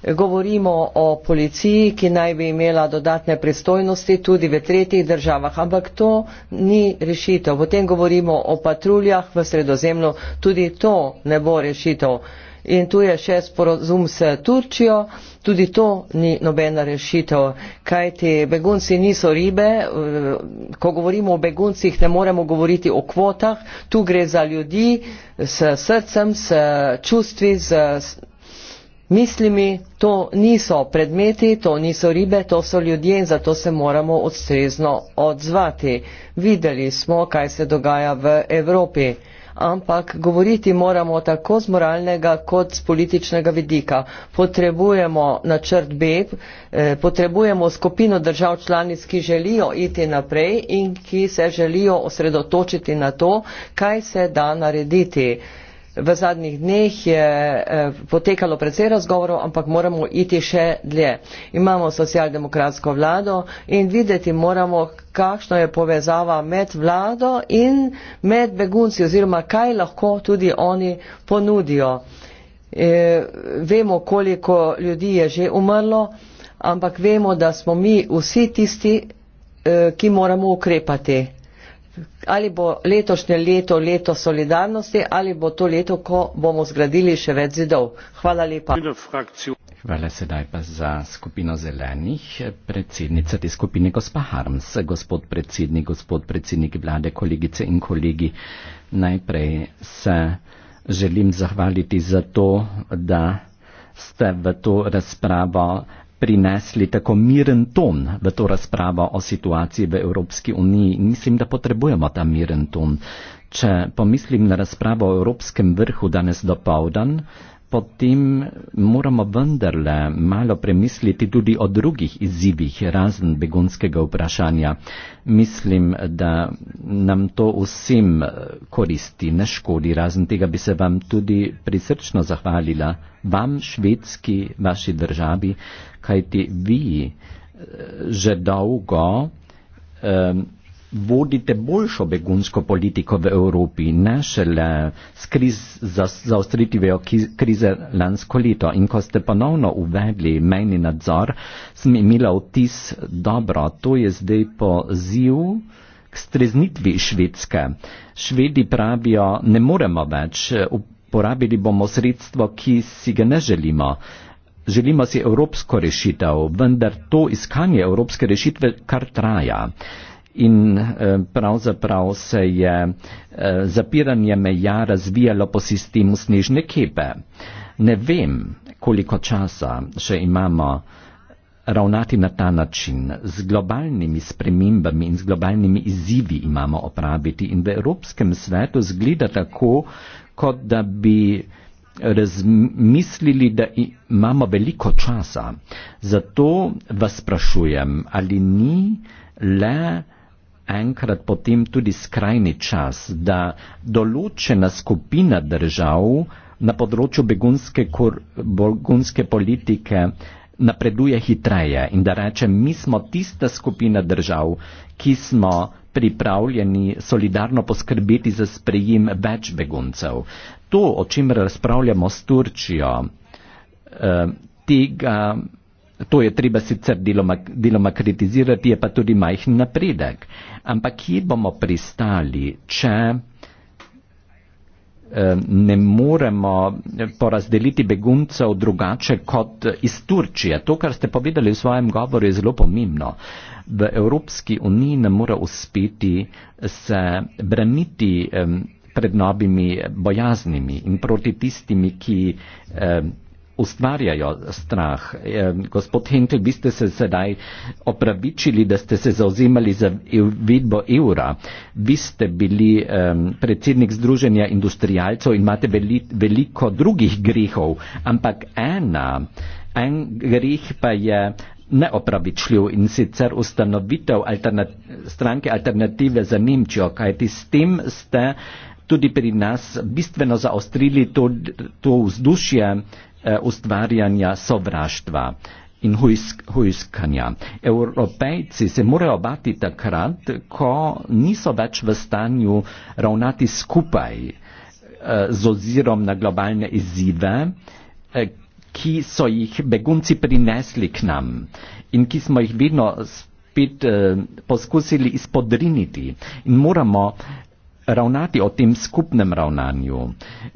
Govorimo o policiji, ki naj bi imela dodatne pristojnosti tudi v tretjih državah, ampak to ni rešitev. Potem govorimo o patruljah v sredozemlju, tudi to ne bo rešitev in tu je še sporozum s Turčijo. Tudi to ni nobena rešitev, kajti begunci niso ribe. Eh, ko govorimo o beguncih, ne moremo govoriti o kvotah. Tu gre za ljudi s srcem, s čustvi, s mislimi. To niso predmeti, to niso ribe, to so ljudje in zato se moramo ustrezno odzvati. Videli smo, kaj se dogaja v Evropi ampak govoriti moramo tako z moralnega kot z političnega vidika. Potrebujemo načrt B, eh, potrebujemo skupino držav članic, ki želijo iti naprej in ki se želijo osredotočiti na to, kaj se da narediti. Eh, v zadnjih dneh je eh, potekalo precej razgovorov, ampak moramo iti še dlje. Imamo socialdemokratsko vlado in videti moramo, kakšno je povezava med vlado in med begunci oziroma kaj lahko tudi oni ponudijo. E, vemo, koliko ljudi je že umrlo, ampak vemo, da smo mi vsi tisti, e, ki moramo ukrepati ali bo letošnje leto leto solidarnosti ali bo to leto, ko bomo zgradili še več zidov. Hvala lepa. Hvala sedaj pa za skupino zelenih. Predsednica te skupine, gospa Harms, gospod predsednik, gospod predsednik vlade, kolegice in kolegi, najprej se želim zahvaliti za to, da ste v to razpravo prinesli tako miren ton v to razpravo o situaciji v Evropski uniji. Mislim, da potrebujemo ta miren ton. Če pomislim na razpravo o Evropskem vrhu danes do povdan, potem moramo vendarle malo premisliti tudi o drugih izzivih razen begunskega vprašanja. Mislim, da nam to vsem eh, koristi, ne škodi, razen tega bi se vam tudi prisrčno zahvalila, vam, švedski, vaši državi, kajti vi eh, že dolgo um, vodite boljšo begunsko politiko v Evropi, ne šele s zaostritvijo krize lansko leto. In ko ste ponovno uvedli mejni nadzor, sem imela vtis dobro. To je zdaj poziv k streznitvi Švedske. Švedi pravijo, ne moremo več, uporabili bomo sredstvo, ki si ga ne želimo. Želimo si evropsko rešitev, vendar to iskanje evropske rešitve kar traja in eh, pravzaprav se je eh, zapiranje meja razvijalo po sistemu snežne kepe. Ne vem, koliko časa še imamo eh, ravnati na ta način. Z globalnimi spremembami in z globalnimi izzivi imamo opraviti in v Evropskem svetu zgleda tako, kot da bi razmislili, da imamo veliko časa. Zato vas sprašujem, ali ni le enkrat potem tudi skrajni čas, da določena skupina držav na področju begunske, kur, begunske politike napreduje hitreje in da reče, mi smo tista skupina držav, ki smo pripravljeni solidarno poskrbeti za sprejem več beguncev. To, o čem razpravljamo s Turčijo, eh, tega To je treba sicer deloma, deloma kritizirati, je pa tudi majhen napredek. Ampak kje bomo pristali, če eh, ne moremo porazdeliti beguncev drugače kot iz Turčije. To, kar ste povedali v svojem govoru, je zelo pomembno. V Evropski uniji ne more uspeti se braniti eh, pred novimi bojaznimi in proti tistimi, ki eh, ustvarjajo strah. Eh, gospod Henkel, vi ste se sedaj opravičili, da ste se zauzemali za vidbo evra. Vi ste bili um, predsednik Združenja industrijalcev in imate veli, veliko drugih grehov, ampak ena, en greh pa je neopravičljiv in sicer ustanovitev alternat stranke alternative za Nemčijo, kajti s tem ste tudi pri nas bistveno zaostrili to, to vzdušje, Eh, ustvarjanja sovraštva in hujskanja. Evropejci se morajo bati takrat, ko niso več v stanju ravnati skupaj eh, z ozirom na globalne izzive, eh, ki so jih begunci prinesli k nam in ki smo jih vedno spet poskusili izpodriniti. In moramo ravnati o tem skupnem ravnanju.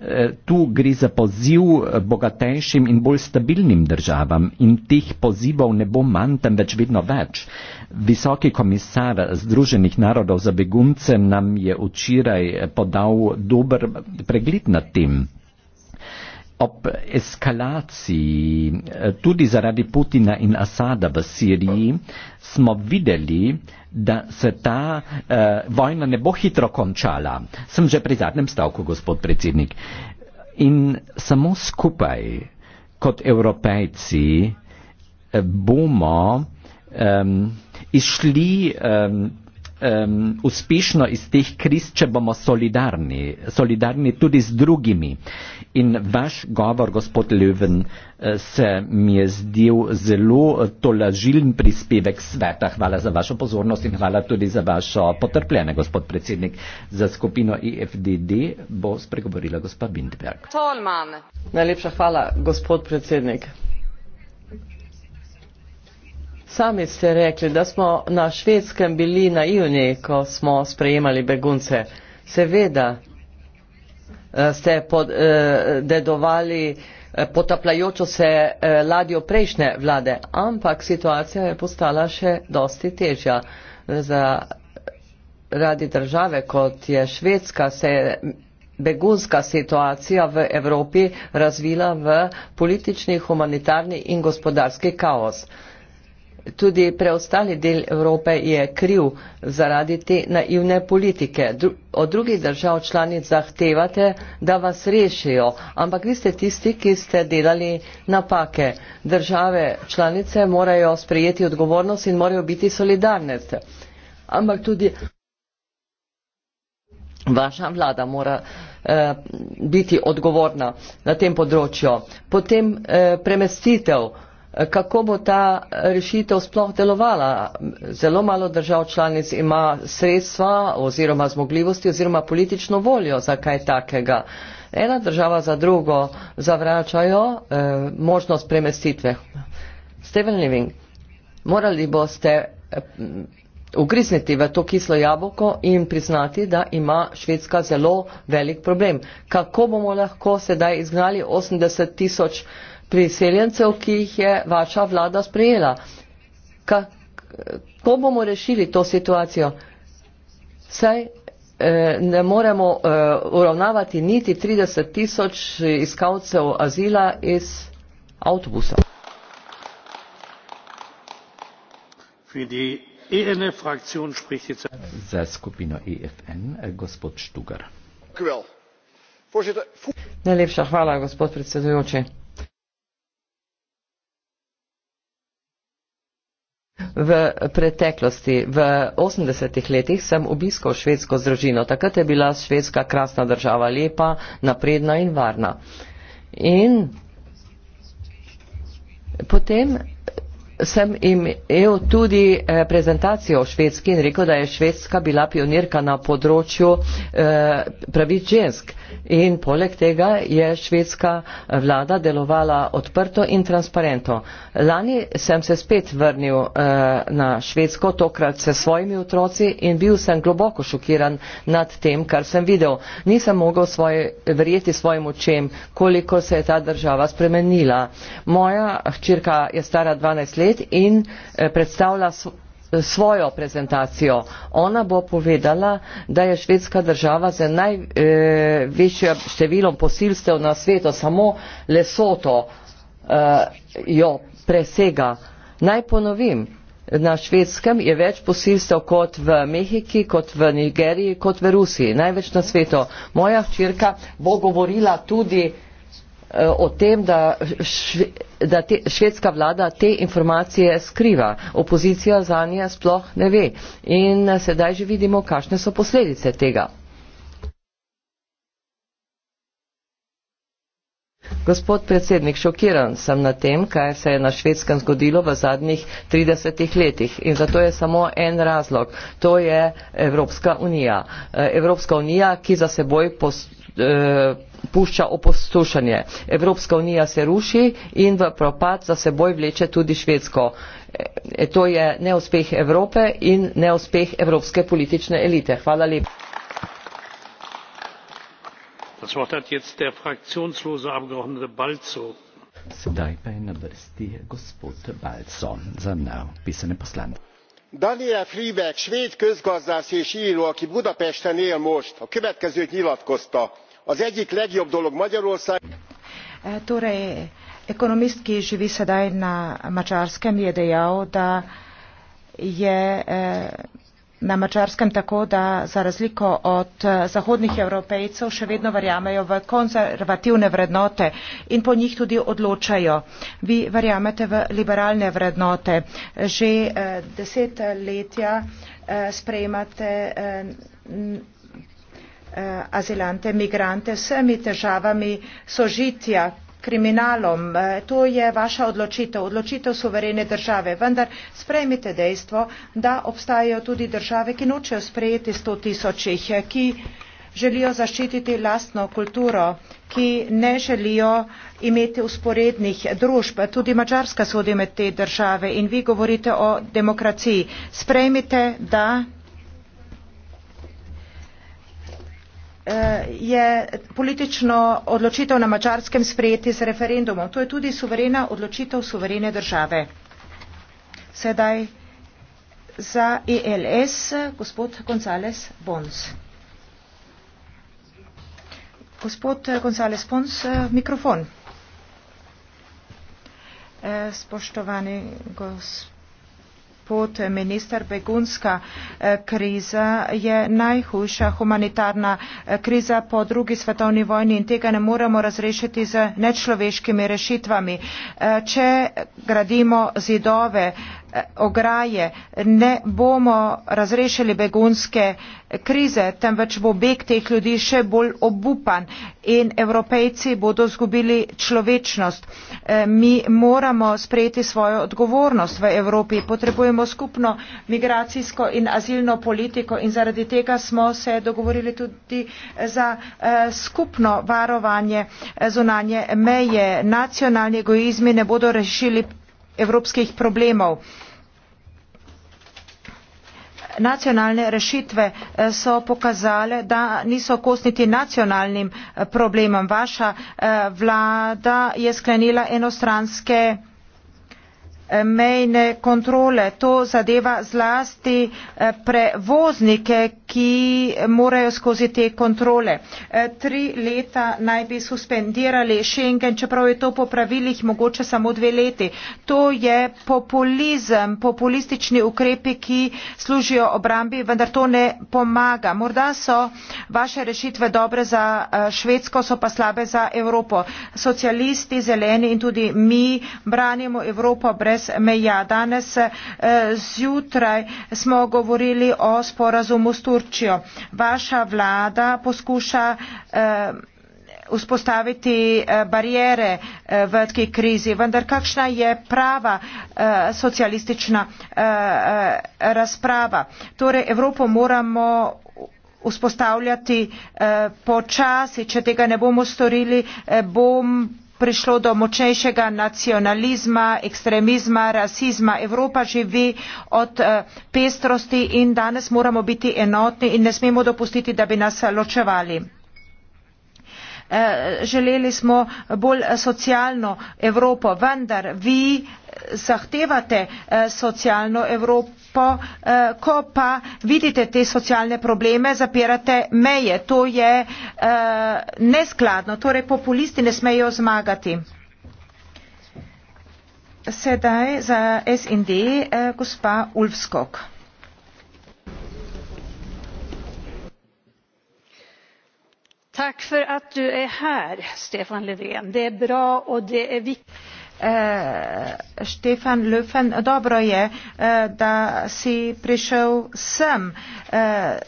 Eh, tu gre za poziv eh, bogatejšim in bolj stabilnim državam in teh pozivov ne bo manj, temveč vedno več. Visoki komisar Združenih narodov za begunce nam je včeraj eh, podal dober pregled nad tem ob eskalaciji eh, tudi zaradi Putina in Asada v Siriji smo videli, da se ta uh, vojna ne bo hitro končala. Sem že pri zadnjem stavku, gospod predsednik. In samo skupaj kot evropejci eh, bomo um, išli um, um, uspešno iz teh kriz, če bomo solidarni, solidarni tudi z drugimi. In vaš govor, gospod Löwen, eh, se mi je zdel zelo eh, tolažilen prispevek sveta. Hvala za vašo pozornost in hvala tudi za vašo potrpljenje, gospod predsednik. Za skupino IFDD e bo spregovorila gospa Bindberg. Najlepša hvala, gospod predsednik. Sami ste rekli, da smo na švedskem bili naivni, ko smo sprejemali begunce. Seveda eh, ste pod, eh, dedovali eh, potapljajočo se eh, ladjo prejšnje vlade, ampak situacija je postala še dosti težja. Za radi države, kot je švedska, se je begunska situacija v Evropi razvila v politični, humanitarni in gospodarski kaos. Eh, tudi preostali del Evrope je kriv zaradi te naivne politike. Od drugih držav članic zahtevate, da vas rešijo, ampak vi ste tisti, ki ste delali napake. Države članice morajo sprejeti odgovornost in morajo biti solidarne. Ampak tudi vaša vlada mora eh, biti odgovorna na tem področju. Potem eh, premestitev kako bo ta rešitev sploh delovala. Zelo malo držav članic ima sredstva oziroma zmogljivosti oziroma politično voljo za kaj takega. Ena država za drugo zavračajo eh, možnost premestitve. Steven Living, morali boste eh, ugrizniti v to kislo jaboko in priznati, da ima Švedska zelo velik problem. Kako bomo lahko sedaj izgnali 80 tisoč priseljencev, ki jih je vaša vlada sprejela. Ka, ko bomo rešili to situacijo? Saj eh, ne moremo eh, uravnavati niti 30 tisoč iskalcev azila iz avtobusa. E Za skupino EFN, eh, gospod Štugar. Najlepša hvala, gospod predsedujoči. V preteklosti, v 80-ih letih, sem obiskal švedsko družino. Takrat je bila švedska krasna država lepa, napredna in varna. In potem sem imel tudi eh, prezentacijo o Švedski in rekel, da je Švedska bila pionirka na področju eh, pravic žensk. In poleg tega je švedska vlada delovala odprto in transparento. Lani sem se spet vrnil eh, na Švedsko, tokrat se svojimi otroci in bil sem globoko šokiran nad tem, kar sem videl. Nisem mogel svoj, verjeti svojim očem, koliko se je ta država spremenila. Moja hčerka je stara 12 let let in eh, predstavlja eh, svojo prezentacijo. Ona bo povedala, da je švedska država z največjim eh, številom posilstev na svetu, samo Lesoto jo presega. Naj ponovim, na švedskem je več posilstev kot v Mehiki, kot v Nigeriji, kot v Rusiji, največ na svetu. Moja včerka bo govorila tudi o tem, da, šve, da te, švedska vlada te informacije skriva. Opozicija za nje sploh ne ve. In eh, sedaj že vidimo, kakšne so posledice tega. Gospod predsednik, šokiran sem na tem, kaj se je na švedskem zgodilo v zadnjih 30 letih in zato je samo en razlog, to je Evropska unija. Eh, Evropska unija, ki za seboj eh, pušča opustošenje. Evropska unija se ruši in v propad za seboj vleče tudi Švedsko. E, to je neuspeh Evrope in neuspeh evropske politične elite. Hvala lepa. Sedaj pa je na vrsti gospod Balco za napisane poslance. Daniel Friberg, švéd közgazdász és író, aki Budapesten él most, a következőt nyilatkozta az egyik legjobb dolog magyarország eh, torej ekonomist ki živi sedaj na mačarskem je dejal da je eh, na mačarskem tako da za razliko od eh, zahodnih evropejcev še vedno verjamejo v konzervativne vrednote in po njih tudi odločajo vi verjamete v liberalne vrednote že desetletja sprejemate Eh, azilante migrante z vsemi težavami sožitja kriminalom. Eh, to je vaša odločitev, odločitev suverene države. Vendar sprejmite dejstvo, da obstajajo tudi države, ki nočejo sprejeti sto tisočih, eh, ki želijo zaščititi lastno kulturo, ki ne želijo imeti usporednih družb. Tudi Mačarska sodi med te države in vi govorite o demokraciji. Sprejmite, da Eh, je politično odločitev na mačarskem sprejeti z referendumom. To je tudi suverena odločitev suverene države. Sedaj za ELS gospod González Bons. Gospod eh, González Bons, eh, mikrofon. Spoštovani gospod gospod minister, begunska eh, kriza je najhujša humanitarna eh, kriza po drugi svetovni vojni in tega ne moremo razrešiti z nečloveškimi rešitvami. Eh, če gradimo zidove ograje ne bomo razrešili begunske krize temveč bo beg teh ljudi še bolj obupan in evropejci bodo izgubili človečnost. E, mi moramo sprejeti svojo odgovornost v evropi potrebujemo skupno migracijsko in azilno politiko in zaradi tega smo se dogovorili tudi za e, skupno varovanje e, zunanje meje. nacionalni egoizmi ne bodo rešili evropskih problemov. Nacionalne rešitve eh, so pokazale, da niso kosniti nacionalnim eh, problemom. Vaša eh, vlada je sklenila enostranske mejne kontrole. To zadeva zlasti prevoznike, ki morajo skozi te kontrole. E, tri leta naj bi suspendirali Schengen, čeprav je to po pravilih mogoče samo dve leti. To je populizem, populistični ukrepi, ki služijo obrambi, vendar to ne pomaga. Morda so vaše rešitve dobre za e, Švedsko, so pa slabe za Evropo. Socialisti, zeleni in tudi mi branimo Evropo brez meja. Danes e, zjutraj smo govorili o sporazumu s Turčijo. Turčijo. Vaša vlada poskuša eh, vzpostaviti eh, barijere eh, v tej krizi, vendar kakšna je prava eh, socialistična eh, eh, razprava? Torej, Evropo moramo vzpostavljati eh, počasi, če tega ne bomo storili, eh, bom prišlo do močnejšega nacionalizma ekstremizma rasizma evropa živi od eh, pestrosti in danes moramo biti enotni in ne smemo dopustiti da bi nas ločevali eh, želeli smo bolj socialno evropo vendar vi zahtevate eh, socialno evropo po eh, ko pa vidite te socialne probleme, zapirate meje. To je eh, neskladno. Torej, populisti ne smejo zmagati. Sedaj za SND eh, gospa Ulfskog. Tak for at du er her, Stefan Löfven. Det er bra og det er viktig eh, Štefan Löfven, dobro je, eh, da si prišel sem. Eh,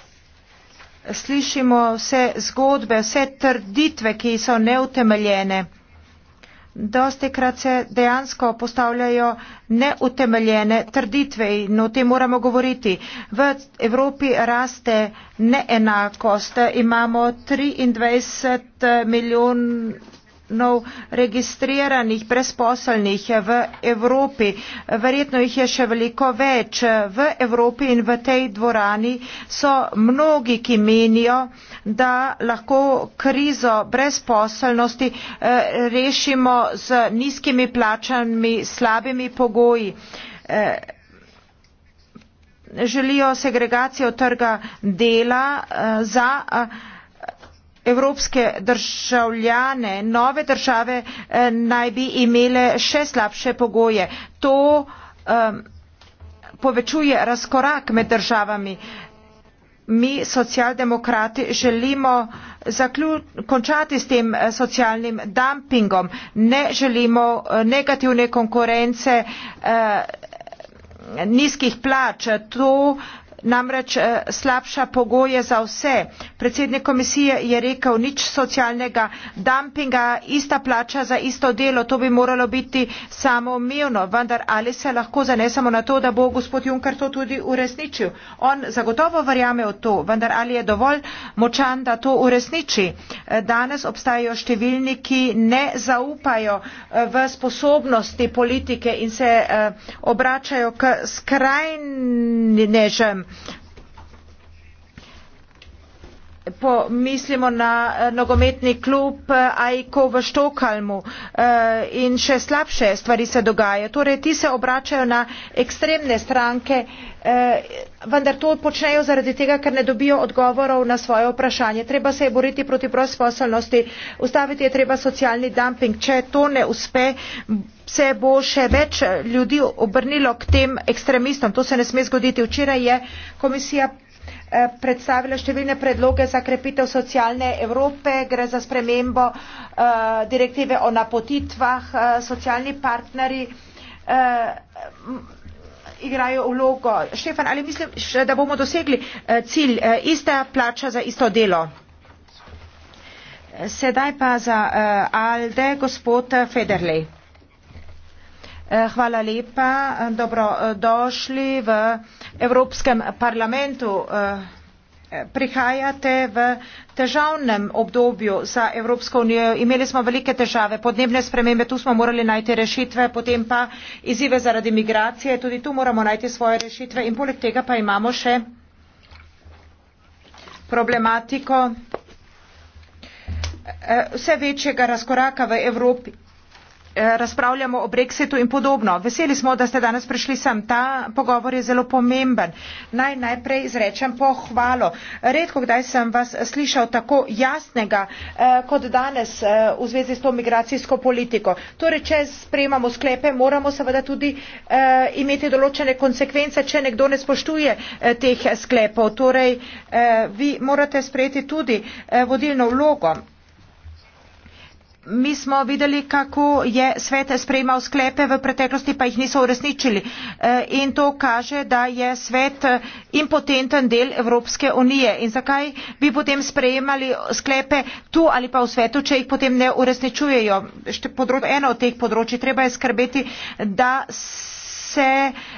slišimo vse zgodbe, vse trditve, ki so neutemeljene. Dosti krat se dejansko postavljajo neutemeljene trditve in o tem moramo govoriti. V Evropi raste neenakost. Imamo 23 milijonov milijonov registriranih brezposelnih v Evropi. Verjetno jih je še veliko več. V Evropi in v tej dvorani so mnogi, ki menijo, da lahko krizo brezposelnosti eh, rešimo z nizkimi plačami, slabimi pogoji. Eh, želijo segregacijo trga dela eh, za evropske državljane nove države eh, naj bi imele še slabše pogoje. To um, povečuje razkorak med državami. Mi socialdemokrati želimo zaklju, končati s tem eh, socialnim dumpingom. Ne želimo eh, negativne konkurence, eh, nizkih plač. To eh, namreč eh, slabša pogoje za vse. Predsednik komisije je rekel nič socialnega dumpinga, ista plača za isto delo, to bi moralo biti samoumevno, vendar ali se lahko zanesemo na to, da bo gospod Juncker to tudi uresničil? On zagotovo verjame v to, vendar ali je dovolj močan, da to uresniči? Eh, danes obstajajo številni, ki ne zaupajo eh, v sposobnosti politike in se obračajo k skrajnežem Po, mislimo na eh, nogometni klub eh, Aiko v Štokalmu eh, in še slabše stvari se dogajajo. Torej, ti se obračajo na ekstremne stranke, eh, vendar to počnejo zaradi tega, ker ne dobijo odgovorov na svoje vprašanje. Treba se je boriti proti brezposelnosti, ustaviti je treba socialni dumping. Če to ne uspe, se bo še več ljudi obrnilo k tem ekstremistom. To se ne sme zgoditi. Včeraj je komisija eh, predstavila številne predloge za krepitev socialne Evrope, gre za spremembo uh, direktive o napotitvah, uh, socialni partneri uh, igrajo vlogo. Štefan, ali mislim, da bomo dosegli uh, cilj uh, ista plača za isto delo? Sedaj pa za uh, Alde, gospod Federley. Eh, hvala lepa. Eh, dobrodošli v Evropskem parlamentu. Eh, prihajate v težavnem obdobju za Evropsko unijo. Imeli smo velike težave, podnebne spremembe, tu smo morali najti rešitve, potem pa izzive zaradi migracije, tudi tu moramo najti svoje rešitve in poleg tega pa imamo še problematiko vse večjega razkoraka v Evropi Eh, razpravljamo o brexitu in podobno. Veseli smo, da ste danes prišli sem. Ta pogovor je zelo pomemben. Naj najprej izrečem pohvalo. Redko kdaj sem vas slišal tako jasnega eh, kot danes eh, v zvezi s to migracijsko politiko. Torej, če sprejemamo sklepe, moramo seveda tudi eh, imeti določene konsekvence, če nekdo ne spoštuje eh, teh sklepov. Torej, eh, vi morate sprejeti tudi eh, vodilno vlogo. Mi smo videli, kako je svet sprejemal sklepe v preteklosti, pa jih niso uresničili. Eh, in to kaže, da je svet eh, impotenten del Evropske unije. In zakaj bi potem sprejemali sklepe tu ali pa v svetu, če jih potem ne uresničujejo? Podrob, eno od teh področji treba je skrbeti, da se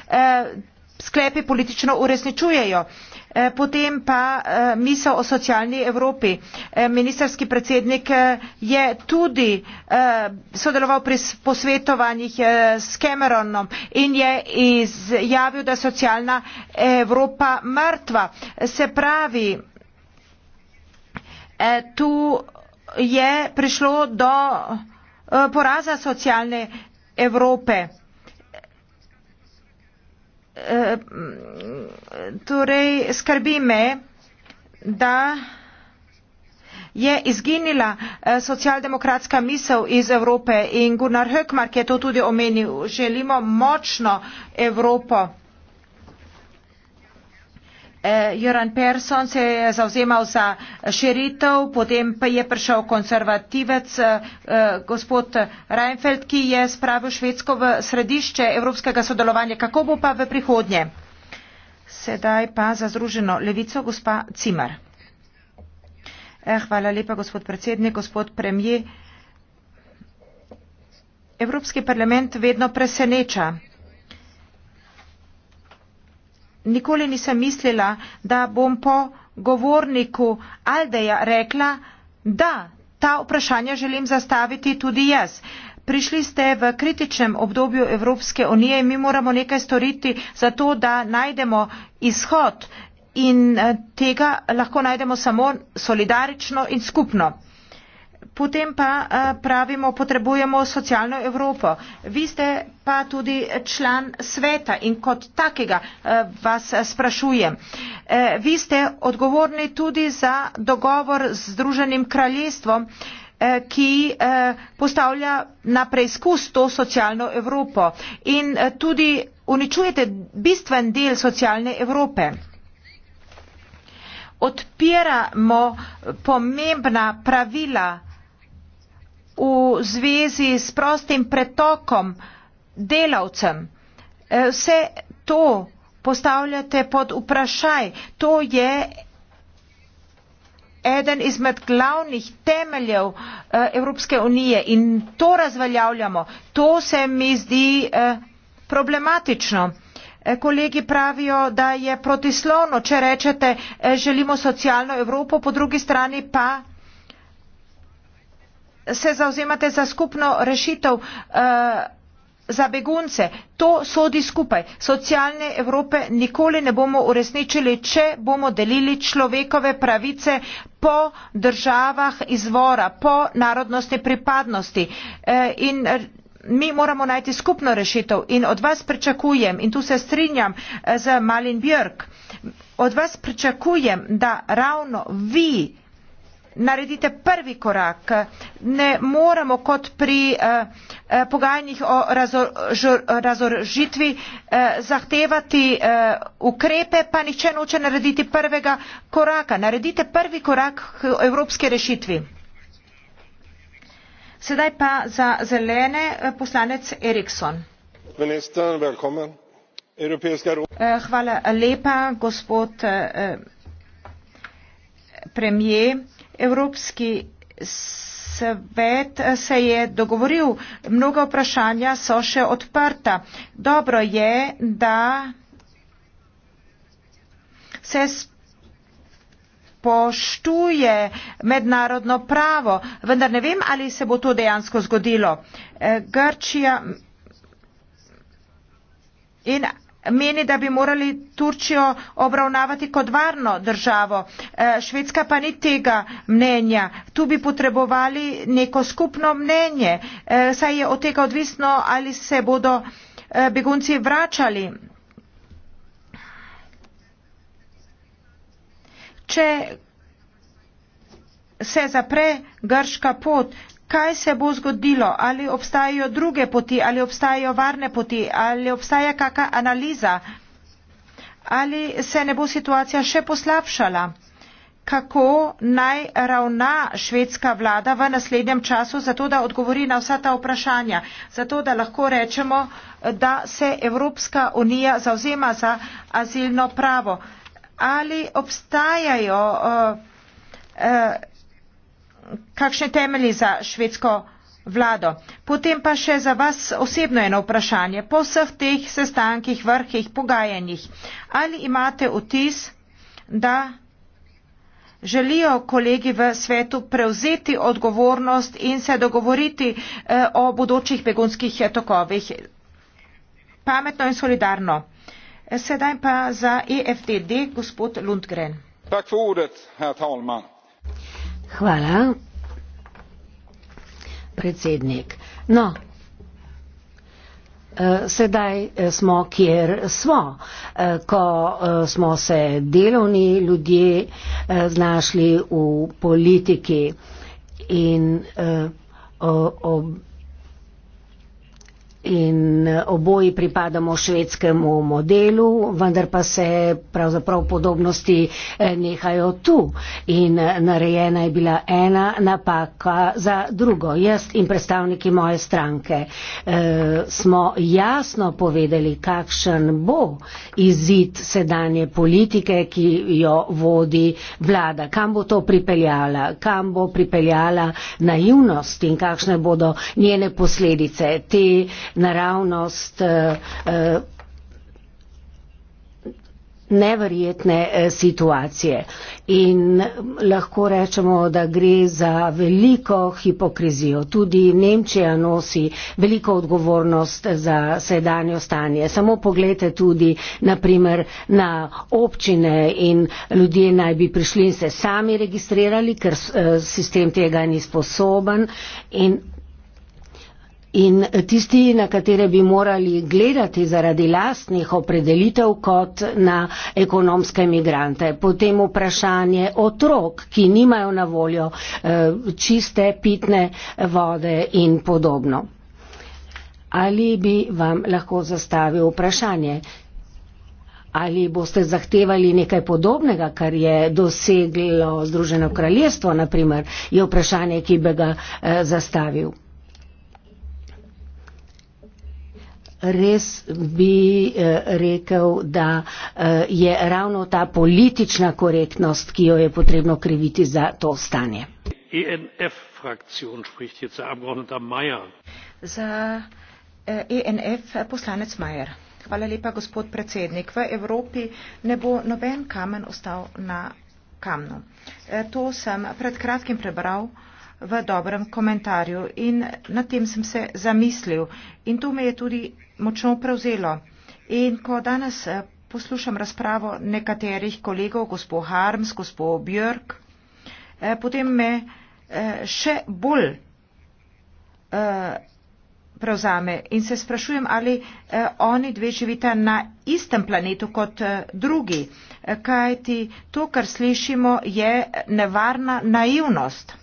eh, sklepe politično uresničujejo. Eh, Eh, potem pa eh, misel o socialni Evropi. Eh, Ministerski predsednik je tudi sodeloval pri posvetovanjih s Cameronom in je izjavil, da je socialna Evropa mrtva. Se pravi, tu je prišlo do poraza socialne Evrope. Eh, torej skrbi me, da je izginila eh, socialdemokratska misel iz Evrope in Gunnar Höckmark je to tudi omenil. Želimo močno Evropo. Joran eh, Persson se je zavzemal za širitev, potem pa je prišel konservativec eh, eh, gospod Reinfeldt, ki je spravil Švedsko v središče evropskega sodelovanja. Kako bo pa v prihodnje? Sedaj pa za združeno levico gospa Cimer. Eh, hvala lepa, gospod predsednik, gospod premijer. Evropski parlament vedno preseneča nikoli nisem mislila, da bom po govorniku Aldeja rekla, da ta vprašanja želim zastaviti tudi jaz. Prišli ste v kritičnem obdobju Evropske unije in mi moramo nekaj storiti za to, da najdemo izhod in eh, tega lahko najdemo samo solidarično in skupno. Potem pa eh, pravimo, potrebujemo socialno Evropo. Vi ste pa tudi član sveta in kot takega eh, vas eh, sprašujem. Vi ste odgovorni tudi za dogovor z Združenim kraljestvom, ki postavlja na preizkus to socialno Evropo in tudi uničujete bistven del socialne Evrope. Odpiramo pomembna pravila v zvezi s prostim pretokom delavcem. E, vse to postavljate pod vprašaj. To je eden izmed glavnih temeljev e, Evropske unije in to razveljavljamo. To se mi zdi e, problematično. Kolegi pravijo, da je protislovno, če rečete, želimo socialno Evropo, po drugi strani pa se zauzemate za skupno rešitev eh, za begunce. To sodi skupaj. Socialne Evrope nikoli ne bomo uresničili, če bomo delili človekove pravice po državah izvora, po narodnostni pripadnosti. Eh, in mi moramo najti skupno rešitev in od vas pričakujem, in tu se strinjam eh, z Malin Björk, od vas pričakujem, da ravno vi naredite prvi korak. Ne moramo kot pri eh, eh pogajanjih o razorožitvi eh, zahtevati eh, ukrepe, pa niče noče narediti prvega koraka. Naredite prvi korak k evropske rešitvi. Sedaj pa za zelene eh, poslanec Erikson. Eh, hvala lepa, gospod premijer. Evropski svet eh, se je dogovoril, mnoga vprašanja so še odprta. Dobro je, da se poštuje mednarodno pravo, vendar ne vem, ali se bo to dejansko zgodilo. Eh, Grčija in meni, da bi morali Turčijo obravnavati kot varno državo. E, Švedska pa ni tega mnenja. Tu bi potrebovali neko skupno mnenje. E, saj je od tega odvisno, ali se bodo e, begunci vračali. Če se zapre grška pot, kaj se bo zgodilo, ali obstajajo druge poti, ali obstajajo varne poti, ali obstaja kakšna analiza, ali se ne bo situacija še poslavšala. Kako naj ravna švedska vlada v naslednjem času, zato da odgovori na vsa ta vprašanja, zato da lahko rečemo, da se Evropska unija zauzema za azilno pravo. Ali obstajajo uh, uh, kakšni temelji za švedsko vlado. Potem pa še za vas osebno eno vprašanje. Po vseh teh sestankih, vrhih, pogajanjih, ali imate vtis, da želijo kolegi v svetu prevzeti odgovornost in se dogovoriti eh, o bodočih begunskih eh, tokovih? Pametno in solidarno. Eh, sedaj pa za EFTD, gospod Lundgren. Tak for ordet, herr Talman. Hvala, predsednik. No, eh, sedaj eh, smo, kjer smo, eh, ko smo se delovni ljudje znašli v politiki in ob in eh, oboji pripadamo švedskemu modelu, vendar pa se pravzaprav podobnosti eh, nehajo tu in eh, narejena je bila ena napaka za drugo. Jaz in predstavniki moje stranke eh, smo jasno povedali, kakšen bo izid sedanje politike, ki jo vodi vlada, kam bo to pripeljala, kam bo pripeljala naivnost in kakšne bodo njene posledice. Te, naravnost eh, eh, neverjetne eh, situacije. In lahko rečemo, da gre za veliko hipokrizijo. Tudi Nemčija nosi veliko odgovornost za sedanjo stanje. Samo pogledajte tudi, naprimer, na občine in ljudje naj bi prišli in se sami registrirali, ker sistem tega ni sposoben. In in tisti, na katere bi morali gledati zaradi lastnih opredelitev kot na ekonomske migrante. Potem vprašanje otrok, ki nimajo na voljo eh, čiste pitne vode in podobno. Ali bi vam lahko zastavil vprašanje? Ali boste zahtevali nekaj podobnega, kar je doseglo Združeno kraljestvo, naprimer, je vprašanje, ki bi ga eh, zastavil. res bi eh, rekel, da eh, je ravno ta politična korektnost, ki jo je potrebno kriviti za to stanje. E za ENF eh, e poslanec Majer. Hvala lepa, gospod predsednik. V Evropi ne bo noben kamen ostal na kamnu. To sem pred kratkim prebral v dobrem komentarju in na tem sem se zamislil in to me je tudi močno prevzelo. In ko danes eh, poslušam razpravo nekaterih kolegov, gospod Harms, gospod Björk, eh, potem me eh, še bolj prevzame in se sprašujem, ali oni dve živita na istem planetu kot drugi, kajti to, kar slišimo, je nevarna naivnost.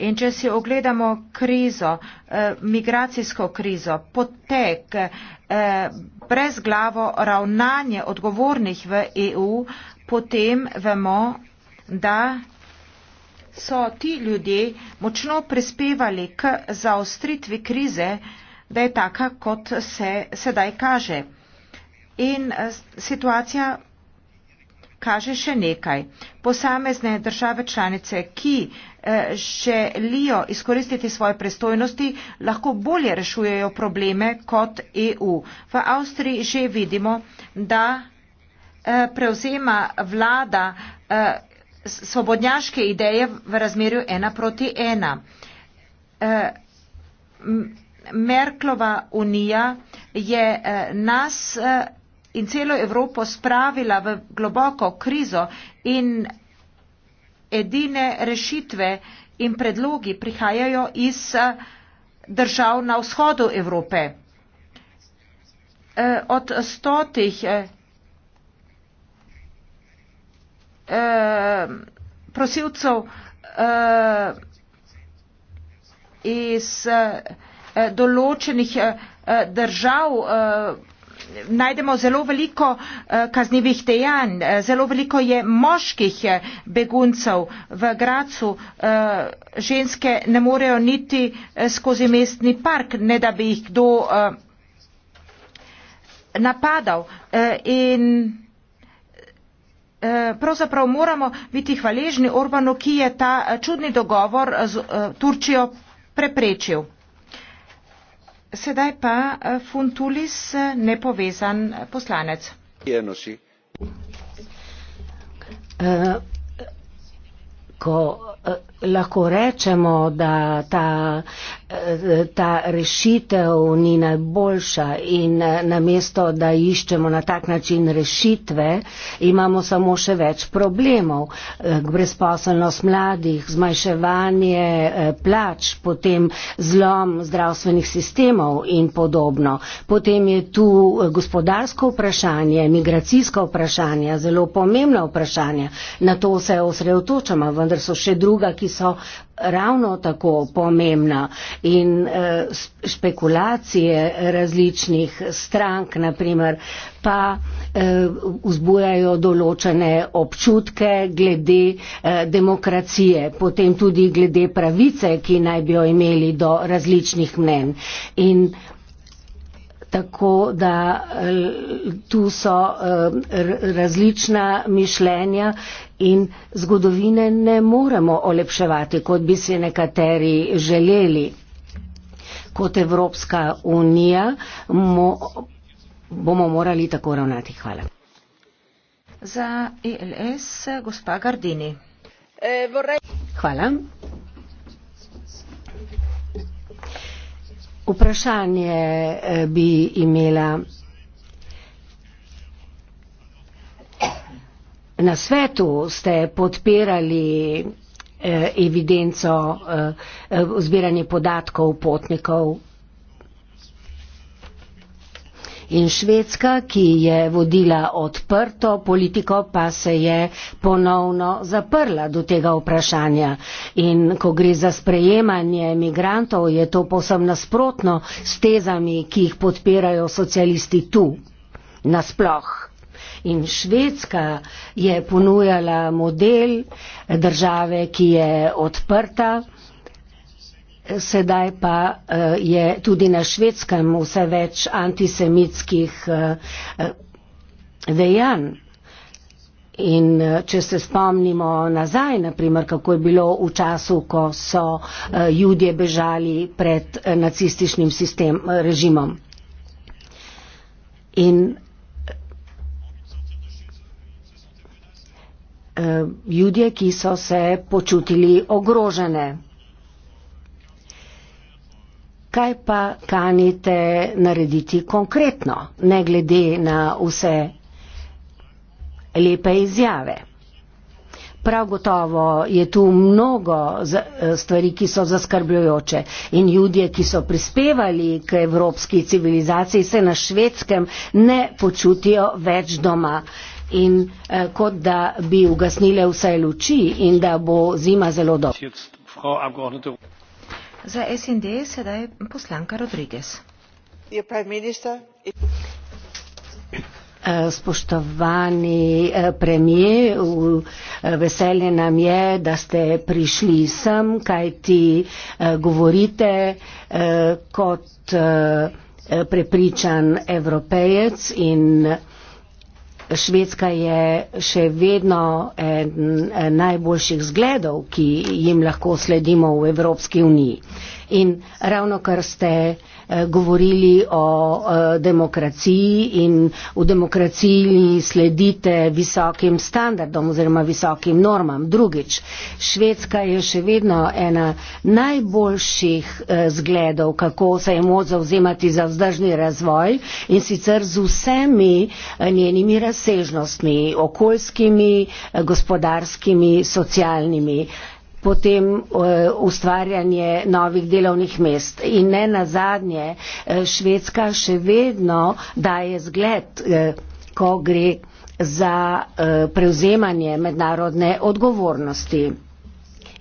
In če si ogledamo krizo, eh, migracijsko krizo, potek, eh, brezglavo ravnanje odgovornih v EU, potem vemo, da so ti ljudje močno prispevali k zaostritvi krize, da je taka, kot se sedaj kaže. In eh, situacija kaže še nekaj. Posamezne države članice, ki eh, želijo izkoristiti svoje pristojnosti, lahko bolje rešujejo probleme kot EU. V Avstriji že vidimo, da eh, prevzema vlada eh, svobodnjaške ideje v razmerju ena proti ena. Merklova unija je nas in celo Evropo spravila v globoko krizo in edine rešitve in predlogi prihajajo iz eh, držav na vzhodu Evrope. Eh, od stotih eh, prosilcev iz določenih držav najdemo zelo veliko eh, kaznivih dejanj, eh, zelo veliko je moških eh, beguncev v Gracu, ženske ne morejo niti skozi mestni park, ne da bi jih kdo napadal. In pravzaprav moramo biti hvaležni Orbanu, ki je ta čudni dogovor z Turčijo preprečil. Sedaj pa eh, Funtulis, eh, nepovezan eh, poslanec. Uh, ko, uh, lahko rečemo, da ta, ta rešitev ni najboljša in namesto, da iščemo na tak način rešitve, imamo samo še več problemov. Brezposelnost mladih, zmanjševanje eh, plač, potem zlom zdravstvenih sistemov in podobno. Potem je tu eh, gospodarsko vprašanje, migracijsko vprašanje, zelo pomembna vprašanja. Na to se osredotočamo, vendar so še druga, ki so ravno tako pomembna in eh, špekulacije različnih strank, naprimer, pa eh, vzbujajo določene občutke glede eh, demokracije, potem tudi glede pravice, ki naj bi jo imeli do različnih mnen. In Tako da tu so različna mišljenja in zgodovine ne moremo olepševati, kot bi si nekateri želeli. Kot Evropska unija mo, bomo morali tako ravnati. Hvala. Za ELS, gospa Gardini. E, Hvala. Vprašanje eh, bi imela. na svetu ste podpirali eh, evidenco eh, eh, zbiranje podatkov potnikov. In Švedska, ki je vodila odprto politiko, pa se je ponovno zaprla do tega vprašanja. In ko gre za sprejemanje migrantov, je to posebno nasprotno s tezami, ki jih podpirajo socialisti tu, nasploh in Švedska je ponujala model države, ki je odprta. Sedaj pa eh, je tudi na švedskem vse več antisemitskih eh, dejanj. In eh, če se spomnimo nazaj, naprimer, kako je bilo v času, ko so ljudje bežali pred nacističnim sistem, režimom. In Eh, ljudje, ki so se počutili ogrožene. Kaj pa kanite narediti konkretno, ne glede na vse lepe izjave? Prav gotovo je tu mnogo eh, stvari, ki so zaskrbljujoče in ljudje, ki so prispevali k evropski civilizaciji, se na švedskem ne počutijo več doma in eh, kot da bi ugasnile vse luči in da bo zima zelo dobro. Eh, spoštovani eh, premijer, eh, veselje nam je, da ste prišli sem, kaj ti govorite kot prepričan evropejec in Švedska je še vedno en, en eh, najboljših zgledov, ki jim lahko sledimo v Evropski uniji. In ravno kar ste eh, govorili o eh, demokraciji in v demokraciji sledite visokim standardom oziroma visokim normam. Drugič, Švedska je še vedno ena najboljših eh, zgledov, kako se je moč zauzemati za vzdržni razvoj in sicer z vsemi njenimi razsežnostmi, okoljskimi, gospodarskimi, socialnimi potem eh, ustvarjanje novih delovnih mest. In ne nazadnje, eh, Švedska še vedno daje zgled, eh, ko gre za prevzemanje mednarodne odgovornosti.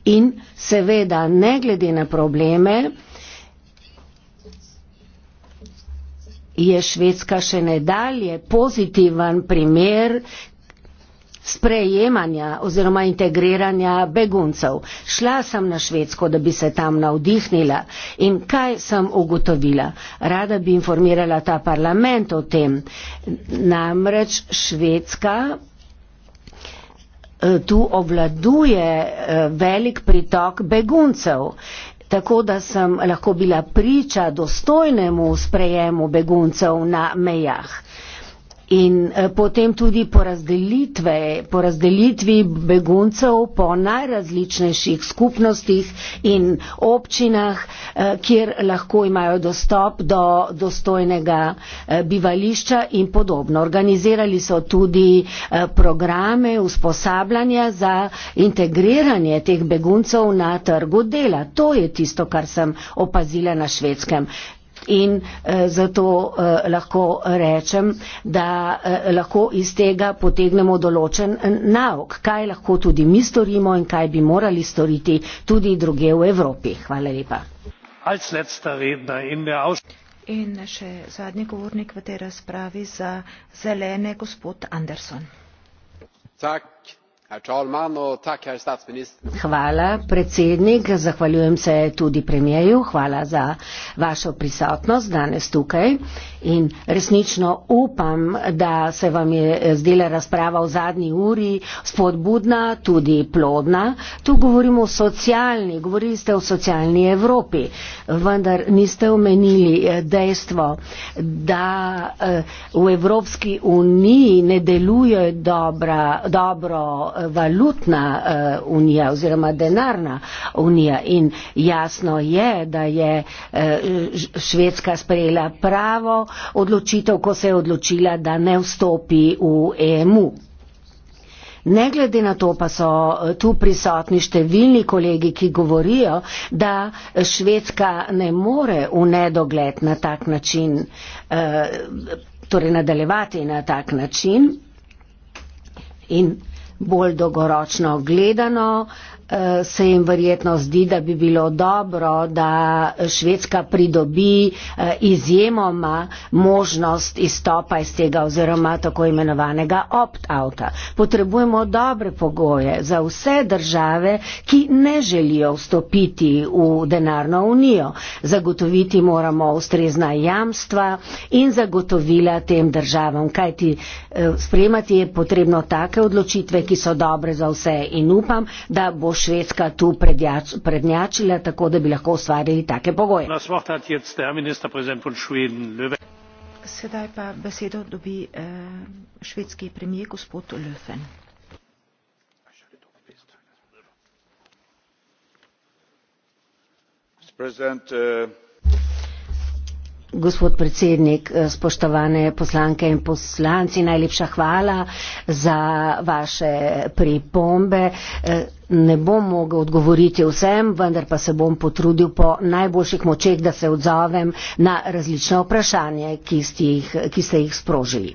In seveda, ne glede na probleme, je Švedska še nedalje pozitiven primer, sprejemanja oziroma integriranja beguncev. Šla sem na Švedsko, da bi se tam navdihnila in kaj sem ugotovila? Rada bi informirala ta parlament o tem. Namreč Švedska eh, tu obladuje eh, velik pritok beguncev. Tako da sem lahko bila priča dostojnemu sprejemu beguncev na mejah in eh, potem tudi po razdelitvi beguncev po najrazličnejših skupnostih in občinah, eh, kjer lahko imajo dostop do dostojnega eh, bivališča in podobno. Organizirali so tudi programe usposabljanja za integriranje teh beguncev na trgu dela. To je tisto, kar sem opazila na švedskem in eh, zato eh, lahko rečem, da eh, lahko iz tega potegnemo določen eh, nauk, kaj lahko tudi mi storimo in kaj bi morali storiti tudi druge v Evropi. Hvala lepa. In še zadnji govornik v tej razpravi za zelene, gospod Anderson. Tak, Hvala, predsednik. Zahvaljujem se tudi premijeju. Hvala za vašo prisotnost danes tukaj. In resnično upam, da se vam je zdela razprava v zadnji uri spodbudna, tudi plodna. Tu govorimo o socialni, govorili ste o socialni Evropi, vendar niste omenili eh, dejstvo, da eh, v Evropski uniji ne deluje dobra, dobro valutna uh, unija oziroma denarna unija in jasno je, da je uh, Švedska sprejela pravo odločitev, ko se je odločila, da ne vstopi v EMU. Ne glede na to pa so eh, tu prisotni številni kolegi, ki govorijo, da Švedska ne more v nedogled na tak način, torej nadaljevati na tak način. In bolj dolgoročno gledano, se jim verjetno zdi, da bi bilo dobro, da Švedska pridobi eh, izjemoma možnost izstopa iz tega oziroma tako imenovanega opt-outa. Potrebujemo dobre pogoje za vse države, ki ne želijo vstopiti v denarno unijo. Zagotoviti moramo ustrezna jamstva in zagotovila tem državam, kajti eh, sprejemati je potrebno take odločitve, ki so dobre za vse in upam, da bo Švedska tu prednjačila, tako da bi lahko ustvarili take pogoje. Sedaj pa besedo dobi eh, švedski premijer gospod Löfven. President, uh, gospod predsednik, eh, spoštovane poslanke in poslanci, najlepša hvala za vaše pripombe. Eh, ne bom mogel odgovoriti vsem, vendar pa se bom potrudil po najboljših močeh, da se odzovem na različne vprašanja, ki ste jih, ki ste jih sprožili.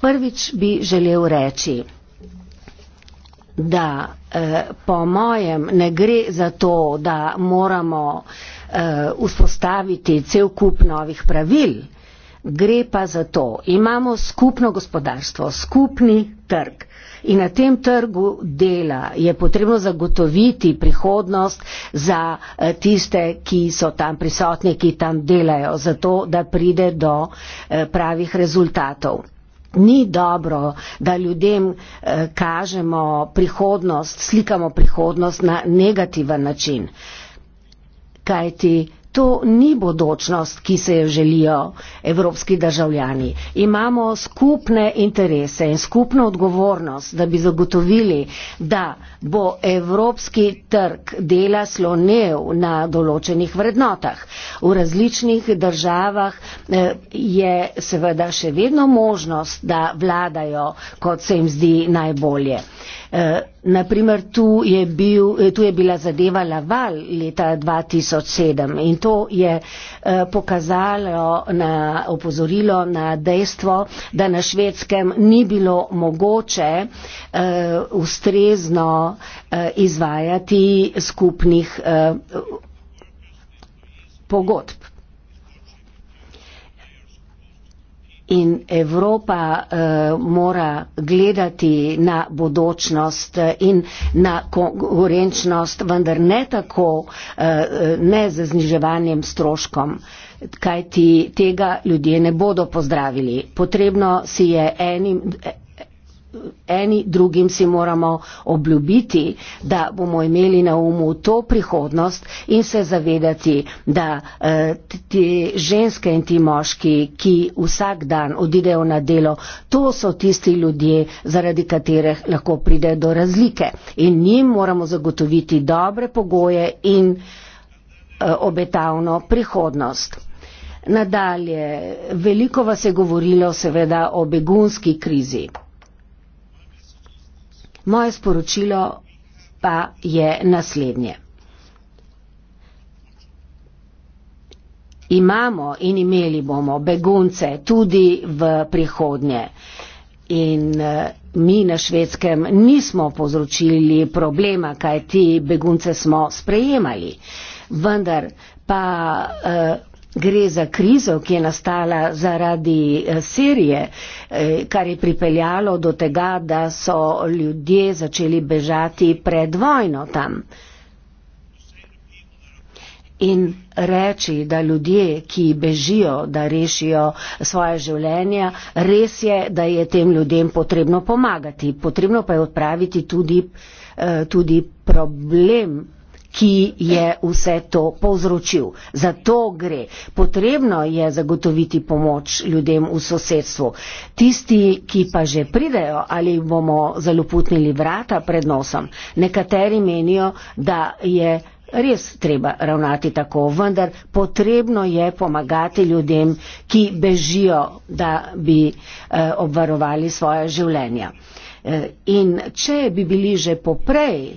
Prvič bi želel reči, da eh, po mojem ne gre za to, da moramo eh, uh, vzpostaviti cel kup novih pravil. Gre pa za to, imamo skupno gospodarstvo, skupni trg in na tem trgu dela je potrebno zagotoviti prihodnost za eh, tiste, ki so tam prisotni, ki tam delajo, zato da pride do eh, pravih rezultatov. Ni dobro, da ljudem kažemo prihodnost, slikamo prihodnost na negativen način kajti to ni bodočnost, ki se jo želijo evropski državljani. Imamo skupne interese in skupno odgovornost, da bi zagotovili, da bo evropski trg dela slonev na določenih vrednotah. V različnih državah eh, je seveda še vedno možnost, da vladajo, kot se jim zdi najbolje. Eh, Naprimer, tu je, bil, eh, tu je bila zadeva Laval leta 2007 in to je eh, pokazalo na opozorilo na dejstvo, da na švedskem ni bilo mogoče ustrezno izvajati skupnih pogodb. in Evropa uh, mora gledati na bodočnost eh, in na konkurenčnost, vendar ne tako, uh, ne z zniževanjem stroškom, kajti tega ljudje ne bodo pozdravili. Potrebno si je enim, eni drugim si moramo obljubiti, da bomo imeli na umu to prihodnost in se zavedati, da eh, te ženske in ti moški, ki vsak dan odidejo na delo, to so tisti ljudje, zaradi katerih lahko pride do razlike. In njim moramo zagotoviti dobre pogoje in eh, obetavno prihodnost. Nadalje, veliko vas je govorilo seveda o begunski krizi. Moje sporočilo pa je naslednje. Imamo in imeli bomo begunce tudi v prihodnje. In eh, mi na švedskem nismo povzročili problema, kaj ti begunce smo sprejemali. Vendar pa. Uh, Gre za krizo, ki je nastala zaradi eh, Sirije, eh, kar je pripeljalo do tega, da so ljudje začeli bežati pred vojno tam. In reči, da ljudje, ki bežijo, da rešijo svoje življenja, res je, da je tem ljudem potrebno pomagati. Potrebno pa je odpraviti tudi, eh, tudi problem ki je vse to povzročil. Za to gre. Potrebno je zagotoviti pomoč ljudem v sosedstvu. Tisti, ki pa že pridejo ali bomo zaloputnili vrata pred nosom, nekateri menijo, da je res treba ravnati tako, vendar potrebno je pomagati ljudem, ki bežijo, da bi eh, obvarovali svoje življenja. Eh, in če bi bili že poprej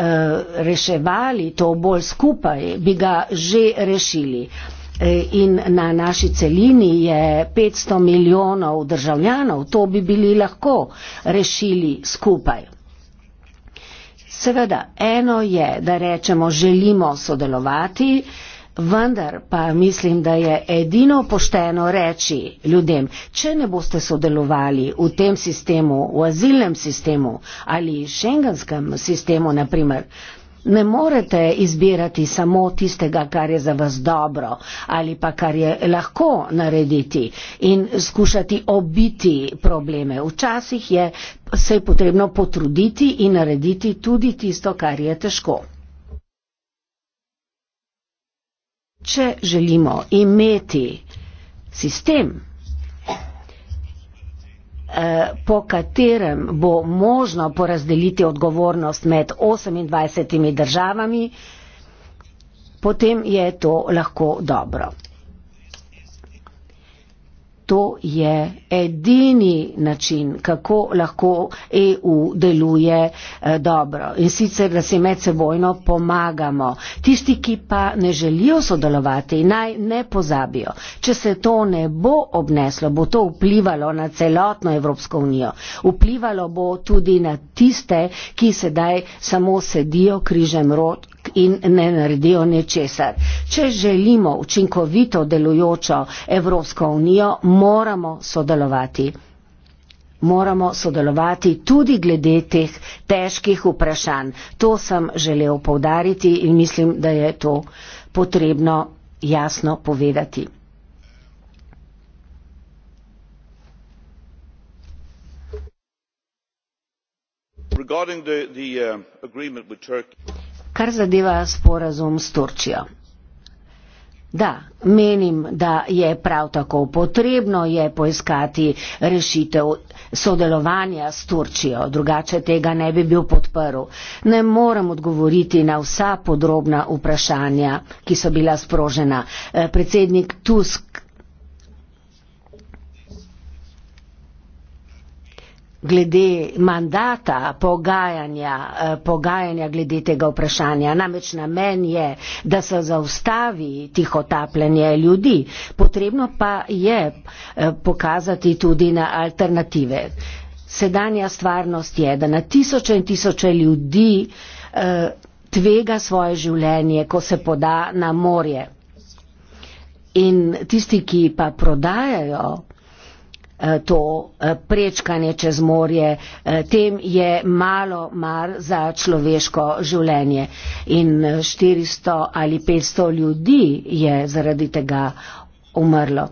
Eh, reševali to bolj skupaj, bi ga že rešili. Eh, in na naši celini je 500 milijonov državljanov, to bi bili lahko rešili skupaj. Seveda, eno je, da rečemo, želimo sodelovati, eh, Vendar pa mislim, da je edino pošteno reči ljudem, če ne boste sodelovali v tem sistemu, v azilnem sistemu ali šengenskem sistemu, naprimer, ne morete izbirati samo tistega, kar je za vas dobro ali pa kar je lahko narediti in skušati obiti probleme. Včasih je se je potrebno potruditi in narediti tudi tisto, kar je težko. Če želimo imeti sistem, eh, po katerem bo možno porazdeliti odgovornost med 28 državami, potem je to lahko dobro. To je edini način, kako lahko EU deluje eh, dobro in sicer, da si medsebojno pomagamo. Tisti, ki pa ne želijo sodelovati, naj ne pozabijo. Če se to ne bo obneslo, bo to vplivalo na celotno Evropsko unijo. Vplivalo bo tudi na tiste, ki sedaj samo sedijo križem rot in ne naredijo nečesar. Če želimo učinkovito delujočo Evropsko unijo, moramo sodelovati. Moramo sodelovati tudi glede teh težkih vprašanj. To sem želel povdariti in mislim, da je to potrebno jasno povedati. The, the, uh, kar zadeva sporazum s Turčijo. Da, menim, da je prav tako potrebno je poiskati rešitev sodelovanja s Turčijo, drugače tega ne bi bil podprl. Ne morem odgovoriti na vsa podrobna vprašanja, ki so bila sprožena. Eh, predsednik Tusk glede mandata pogajanja, eh, pogajanja glede tega vprašanja. Namreč namen je, da se zaustavi tihotapljanje ljudi, potrebno pa je eh, pokazati tudi na alternative. Sedanja stvarnost je, da na tisoče in tisoče ljudi eh, tvega svoje življenje, ko se poda na morje. In tisti, ki pa prodajajo Eh, to eh, prečkanje čez morje, eh, tem je malo mar za človeško življenje. In 400 ali 500 ljudi je zaradi tega umrlo.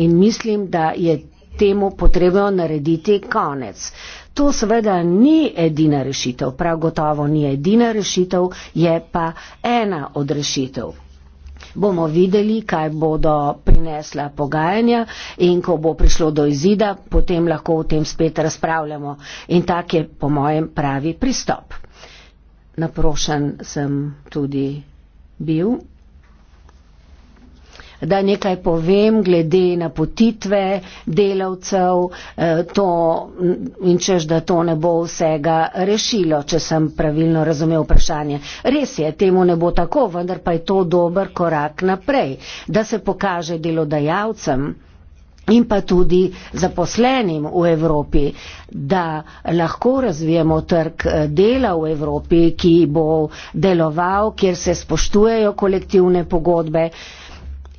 In mislim, da je temu potrebno narediti konec. To seveda ni edina rešitev, prav gotovo ni edina rešitev, je pa ena od rešitev bomo videli, kaj bodo prinesla pogajanja in ko bo prišlo do izida, potem lahko o tem spet razpravljamo. In tak je po mojem pravi pristop. Naprošen sem tudi bil da nekaj povem glede napotitve delavcev eh, to, mm, in čež, da to ne bo vsega rešilo, če sem pravilno razumel vprašanje. Res je, temu ne bo tako, vendar pa je to dober korak naprej, da se pokaže delodajalcem in pa tudi zaposlenim v Evropi, da lahko razvijemo trg eh, dela v Evropi, ki bo deloval, kjer se spoštujejo kolektivne pogodbe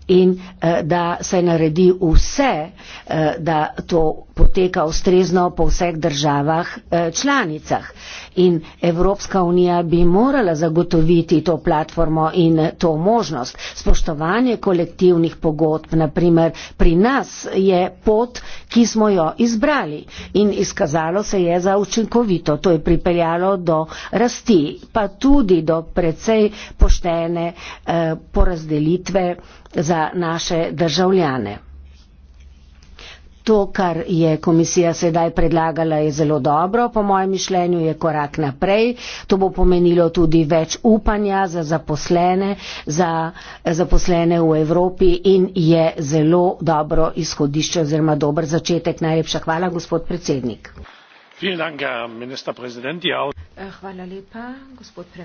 in eh, da se naredi vse, eh, da to poteka ustrezno po vseh državah eh, članicah. In Evropska unija bi morala zagotoviti to platformo in to možnost. Spoštovanje kolektivnih pogodb, naprimer pri nas, je pot, ki smo jo izbrali in izkazalo se je za učinkovito. To je pripeljalo do rasti, pa tudi do precej poštene eh, porazdelitve za naše državljane. To, kar je komisija sedaj predlagala, je zelo dobro. Po mojem mišljenju je korak naprej. To bo pomenilo tudi več upanja za zaposlene, za zaposlene v Evropi in je zelo dobro izhodišče oziroma dober začetek. Najlepša hvala, gospod predsednik. Hvala lepa, gospod predsednik.